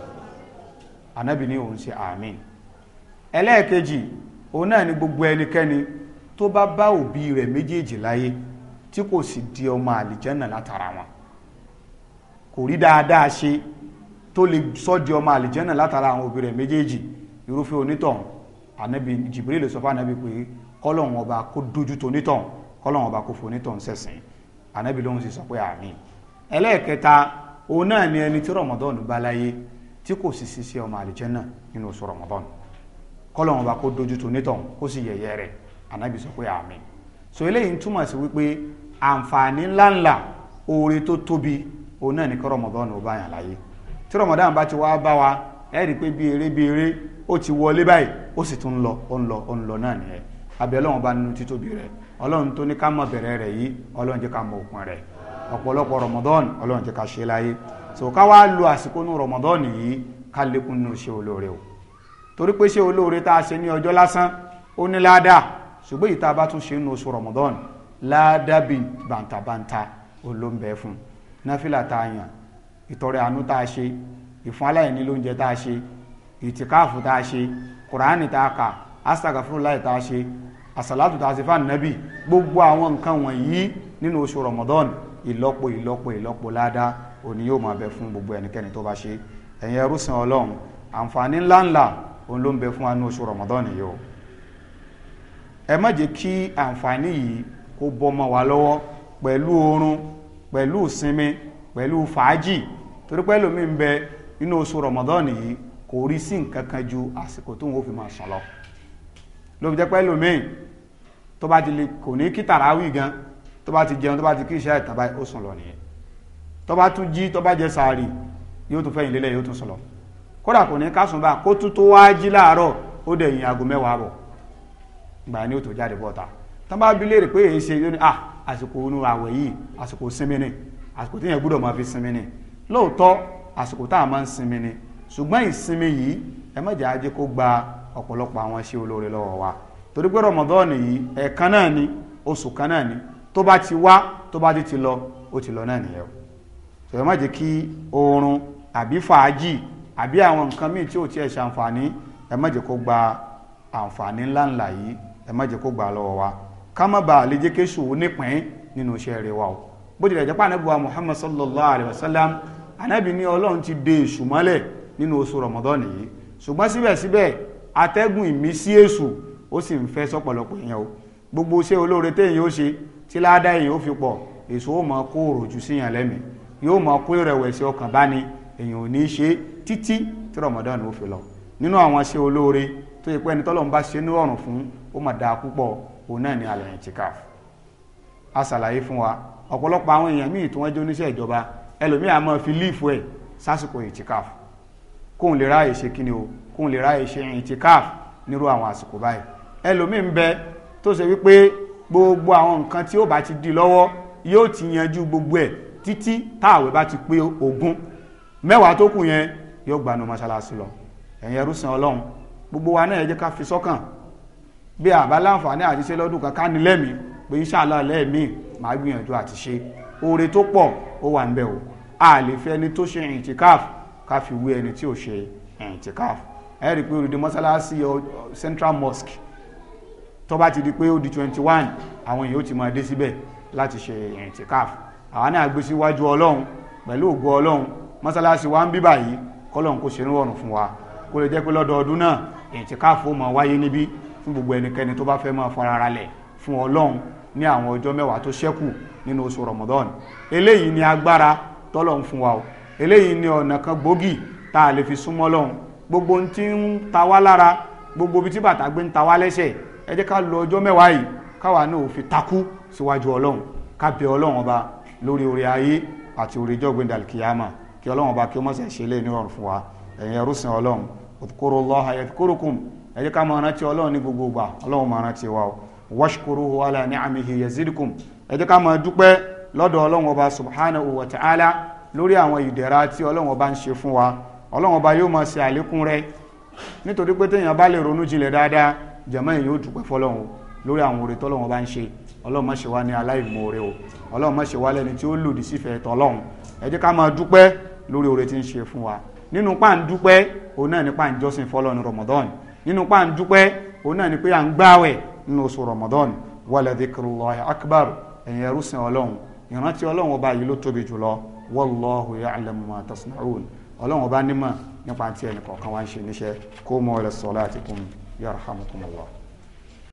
ànábì ní òun ṣe àmì ẹlẹ́ẹ̀kejì òun náà ni gbogbo ẹnikẹ́ni tó bá bá òbí rẹ̀ méjèèjì láyé tí kò sì di ọmọ àlìjẹ́nà látara wọn kò rí dáadáa ṣe tó lè sọ di ọmọ àlìjẹ́nà látara àwọn òbí rẹ̀ méjèèjì irúfẹ́ onítọ̀hún ànábì Jibril lè sọ fún ànábì pé kọ́lọ̀hún ọba kó dojú tó onítọ̀hún kọ́lọ̀hún ọba kó fún onítọ̀hún sẹ̀sìn ànábì lóhun sì sọ pé àmín ẹlẹ́ẹ̀kẹta òun náà ni ẹni tí rọmọdọ́ọ̀nù bá láyé tí kò sì sí sí ọmọ àlìjẹ́nà nínú oṣù rọmọdọ́ọ̀nù kọ́lọ̀hún ọba kó dojú tó onítọ̀hún kó sì yẹ̀yẹ́ rẹ̀ anabi sọ pé àmín so eléyìí ń túmọ̀ sí wípé àǹfààní ńláńlá oore tó tóbi òun náà ní kí rọmọdán ò bá yàn láyé tí rọmọdán bá ti wá bá wa ẹ rí i pé bí eré bí eré ó ti wọlé báyìí ó sì tún ń lọ ó ń lọ ó ń lọ náà nìyẹn abẹ́ ọlọ́run bá nínú títóbi rẹ̀ ọlọ́run tó ní ká mọ̀ bẹ̀rẹ̀ rẹ̀ yìí ọlọ́run jẹ́ ká mọ̀ òpin rẹ̀ ọ̀pọ̀lọpọ̀ rọmọdán ọlọ́run jẹ́ ká ṣe láyé so ká wá lo àsìkò nù rọmọdán yìí ká lékún nù ṣe olóore o torí pé ṣe olóore tá a ṣe ní ọjọ́ lásán ó ní ládàá ṣùgbọ́n ìta bá tún ṣe nínú oṣù Ramadan ládàbí bàǹtàbàǹtà olóńbẹ fún náfìlà tá a yàn ìtọrẹ àánú tá a ṣe ìfún aláìní lóúnjẹ tá a ṣe ìtìkáàfù tá a ṣe kùránì tá a kà asàgàfúrúláì tá a ṣe àsàlátù tá a ṣe fáànù nábì gbogbo àwọn nǹkan wọ̀nyí nínú oṣù Ramadan ìlọ́po ìlọ́po ìlọ́po ládàá òní yóò máa bẹ fún gbogbo ẹnikẹ́ni tó bá ṣe ẹ̀yin ẹrú sin ọlọ́run àǹfààní ńláńlá òun ló ń bẹ fún wa ní oṣù Ramadan yìí o ẹ má jẹ́ kí àǹfààní yìí kó bọ́ mọ́ wa lọ́wọ́ pẹ̀lú oorun pẹ̀lú ìsinmi pẹ̀lú fàájì torí pé ẹlòmíì ń bẹ nínú oṣù Ramadan yìí kò rí sí nǹkan kan ju àsìkò tó ń wò fi máa sàn lọ ló fi jẹ́ pé ẹlòmíì tó bá ti lè kò ní kí tàràwì gan tó bá ti jẹun tó bá ti kí iṣẹ́ ìtàbá ó sùn lọ nìyẹn tó bá tún jí tó bá jẹ sàárì yóò tún fẹ̀yìn lélẹ̀ yóò tún sùn lọ kódà kò ní ká bá kó tún tó wá jí láàárọ̀ ó dẹ̀yìn aago mẹ́wàá bọ̀ gbà ní òtò jáde bọ́ta tán bá bi léèrè pé èyí ṣe yóò ní à àsìkò inú àwẹ̀ yìí àsìkò sinmi ni àsìkò tí yẹn gbọ́dọ̀ máa fi sinmi ni lóòótọ́ àsìkò tá a máa ń sinmi ni ṣùgbọ́n ìsinmi yìí ẹ má jẹ́ ajé kó gba ọ̀pọ̀lọpọ̀ àwọn iṣẹ́ olóore lọ́wọ́ wa torí pé rọmọdọ́ọ̀nì yìí ẹ̀ẹ̀kan náà ni oṣù kan náà ni tó bá ti wá tó bá ti ti lọ ó ti lọ náà nìyẹn o ṣòro má jẹ́ kí oorun àbí fàájì àbí àwọn nǹkan míì tí ò tiẹ̀ ṣàǹfààní ẹ má jẹ́ kó gba àǹfààní ńláńlá yìí ẹ má jẹ́ kó gbà lọ́wọ́ wa ká má bàa lè jẹ́ kéṣù nípìn nínú iṣẹ́ rẹ̀ wa o bó tilẹ̀ jẹ́ pé muhammad sallallahu alayhi wa sallam ànábì ní ọlọ́run ti de èṣù mọ́lẹ̀ nínú oṣù ramadan yìí ṣùgbọ́n síbẹ̀síbẹ̀ atẹ́gùn ìmísí èṣù ó sì ń fẹ́ sọ́pọ̀lọpọ̀ èèyàn o gbogbo iṣẹ́ olóore téèyàn ó ṣe tí ládá èèyàn ó fi pọ̀ èṣù ó máa kó òròjú síyàn lẹ́mìí yóò máa kó ìrẹ̀wẹ̀sì ọkàn bá ni èèyàn ò ní í ṣe títí tí ramadan ó fi lọ nínú àwọn iṣẹ́ olóore tó yẹ pé ẹni tọ́lọ́run ó mà dáa púpọ̀ òun náà ni àlẹ́ ìtìkáf a ṣàlàyé fún wa ọ̀pọ̀lọpọ̀ àwọn èèyàn míì tí wọ́n jẹ́ oníṣẹ́ ìjọba ẹlòmíì á máa fi líìfù ẹ̀ sásìkò ìtìkáf kóun lè ráàyè ṣe kíni o kóun lè ráàyè ṣe ìtìkáf nírú àwọn àsìkò báyìí ẹlòmíì ń bẹ tó ṣe wípé gbogbo àwọn nǹkan tí ó bá ti di lọ́wọ́ yóò ti yanjú gbogbo ẹ̀ títí táàwẹ̀ bá ti pé ogún mẹ́wàá tó kù yẹn yóò gbanú mọ́ṣáláṣí lọ ẹ̀yin ẹrú sìn ọlọ́run gbogbo wa náà ẹ jẹ́ ká fi sọ́kàn bí àbá láǹfààní àti ṣe lọ́dún kan ká ní lẹ́mìí pé inshallah lẹ́ẹ̀mí màá gbìyànjú àti ṣe oore tó pọ̀ ó wà ń o a lè fi ẹni tó ṣe ìtìkáf ká fi wé ẹni tí ò ṣe ìtìkáf ẹ rí i pé olùdí mọ́sálásí central mosque tó bá ti di pé ó di twenty one àwọn èèyàn ó ti máa dé síbẹ̀ láti ṣe ìtìkáf àwa náà gbé síwájú ọlọ́run pẹ̀lú ògo ọlọ́run mọ́sálásí wa ń bíbà yìí kọ́lọ́run kò ṣe ń rọrùn fún wa kó lè jẹ́ pé lọ́dọọdún náà ìtìkáf ó máa wáyé níbí fún gbogbo ẹnikẹ́ni tó bá fẹ́ máa fara ralẹ̀ fún ọlọ́run ní àwọn ọjọ́ mẹ́wàá tó ṣẹ́kù nínú oṣù Ramadan eléyìí ni agbára tọ́lọ́run fún wa o eléyìí ni ọ̀nà kan gbòógì tá a lè fi súnmọ́ lọ́run gbogbo ohun tí ń ta wá lára gbogbo ibi tí bàtà gbé ń ta wá lẹ́sẹ̀ ẹ jẹ́ ká lo ọjọ́ mẹ́wàá yìí káwa náà ò fi takú síwájú ọlọ́run ká bẹ ọlọ́run ọba lórí orí ayé àti orí ìjọ́gbìn dàlkìyàmà kí ọlọ́run ọba kí ó mọ̀sẹ̀ ṣe lé ní ọ̀rùn fún wa ẹ̀yin ẹrú sin ọlọ́run udhkurullaha yadhkurukum ẹ jẹ́ ká máa rántí ọlọ́run ní gbogbo ìgbà ọlọ́run máa rántí wa o washkuruhu ala ni'amihi yazidukum ẹ jẹ́ ká máa dúpẹ́ lọ́dọ̀ ọlọ́run ọba subhanahu wa ta'ala lórí àwọn ìdẹ̀ra tí ọlọ́run ọba ń ṣe fún wa ọlọ́run ọba yóò máa ṣe àlékún rẹ̀ nítorí pé téèyàn bá lè ronú jinlẹ̀ dáadáa jẹ̀mọ́ èèyàn yóò dúpẹ́ fọlọ́run lórí àwọn oore tọ́lọ́run ọba ń ṣe ọlọ́run má ṣe wá ní aláìmoore o ọlọ́run má ṣe wá lẹ́ni tí ó lòdì sífẹ̀ẹ́ tọ́lọ́run ẹ jẹ́ ká máa dúpẹ́ lórí oore tí ń ṣe fún wa nínú pàǹdúpẹ́ òun náà ní pàǹjọ́sìn fọlọ́run Ramadan nínú pa ń dúpẹ́ òun náà ni pé à ń gbáwẹ̀ nínú oṣù Ramadan wala dhikrullahi akbar ẹ̀yin ẹrú sin ọlọ́run ìrántí ọlọ́run ọba yìí ló tóbi jùlọ wallahu ya'lamu ma tasna'un ọlọ́run ọba nímọ̀ nípa tí ẹnì kọ̀ọ̀kan wá ń ṣe níṣẹ́ qumu ila salatikum yarhamukumullah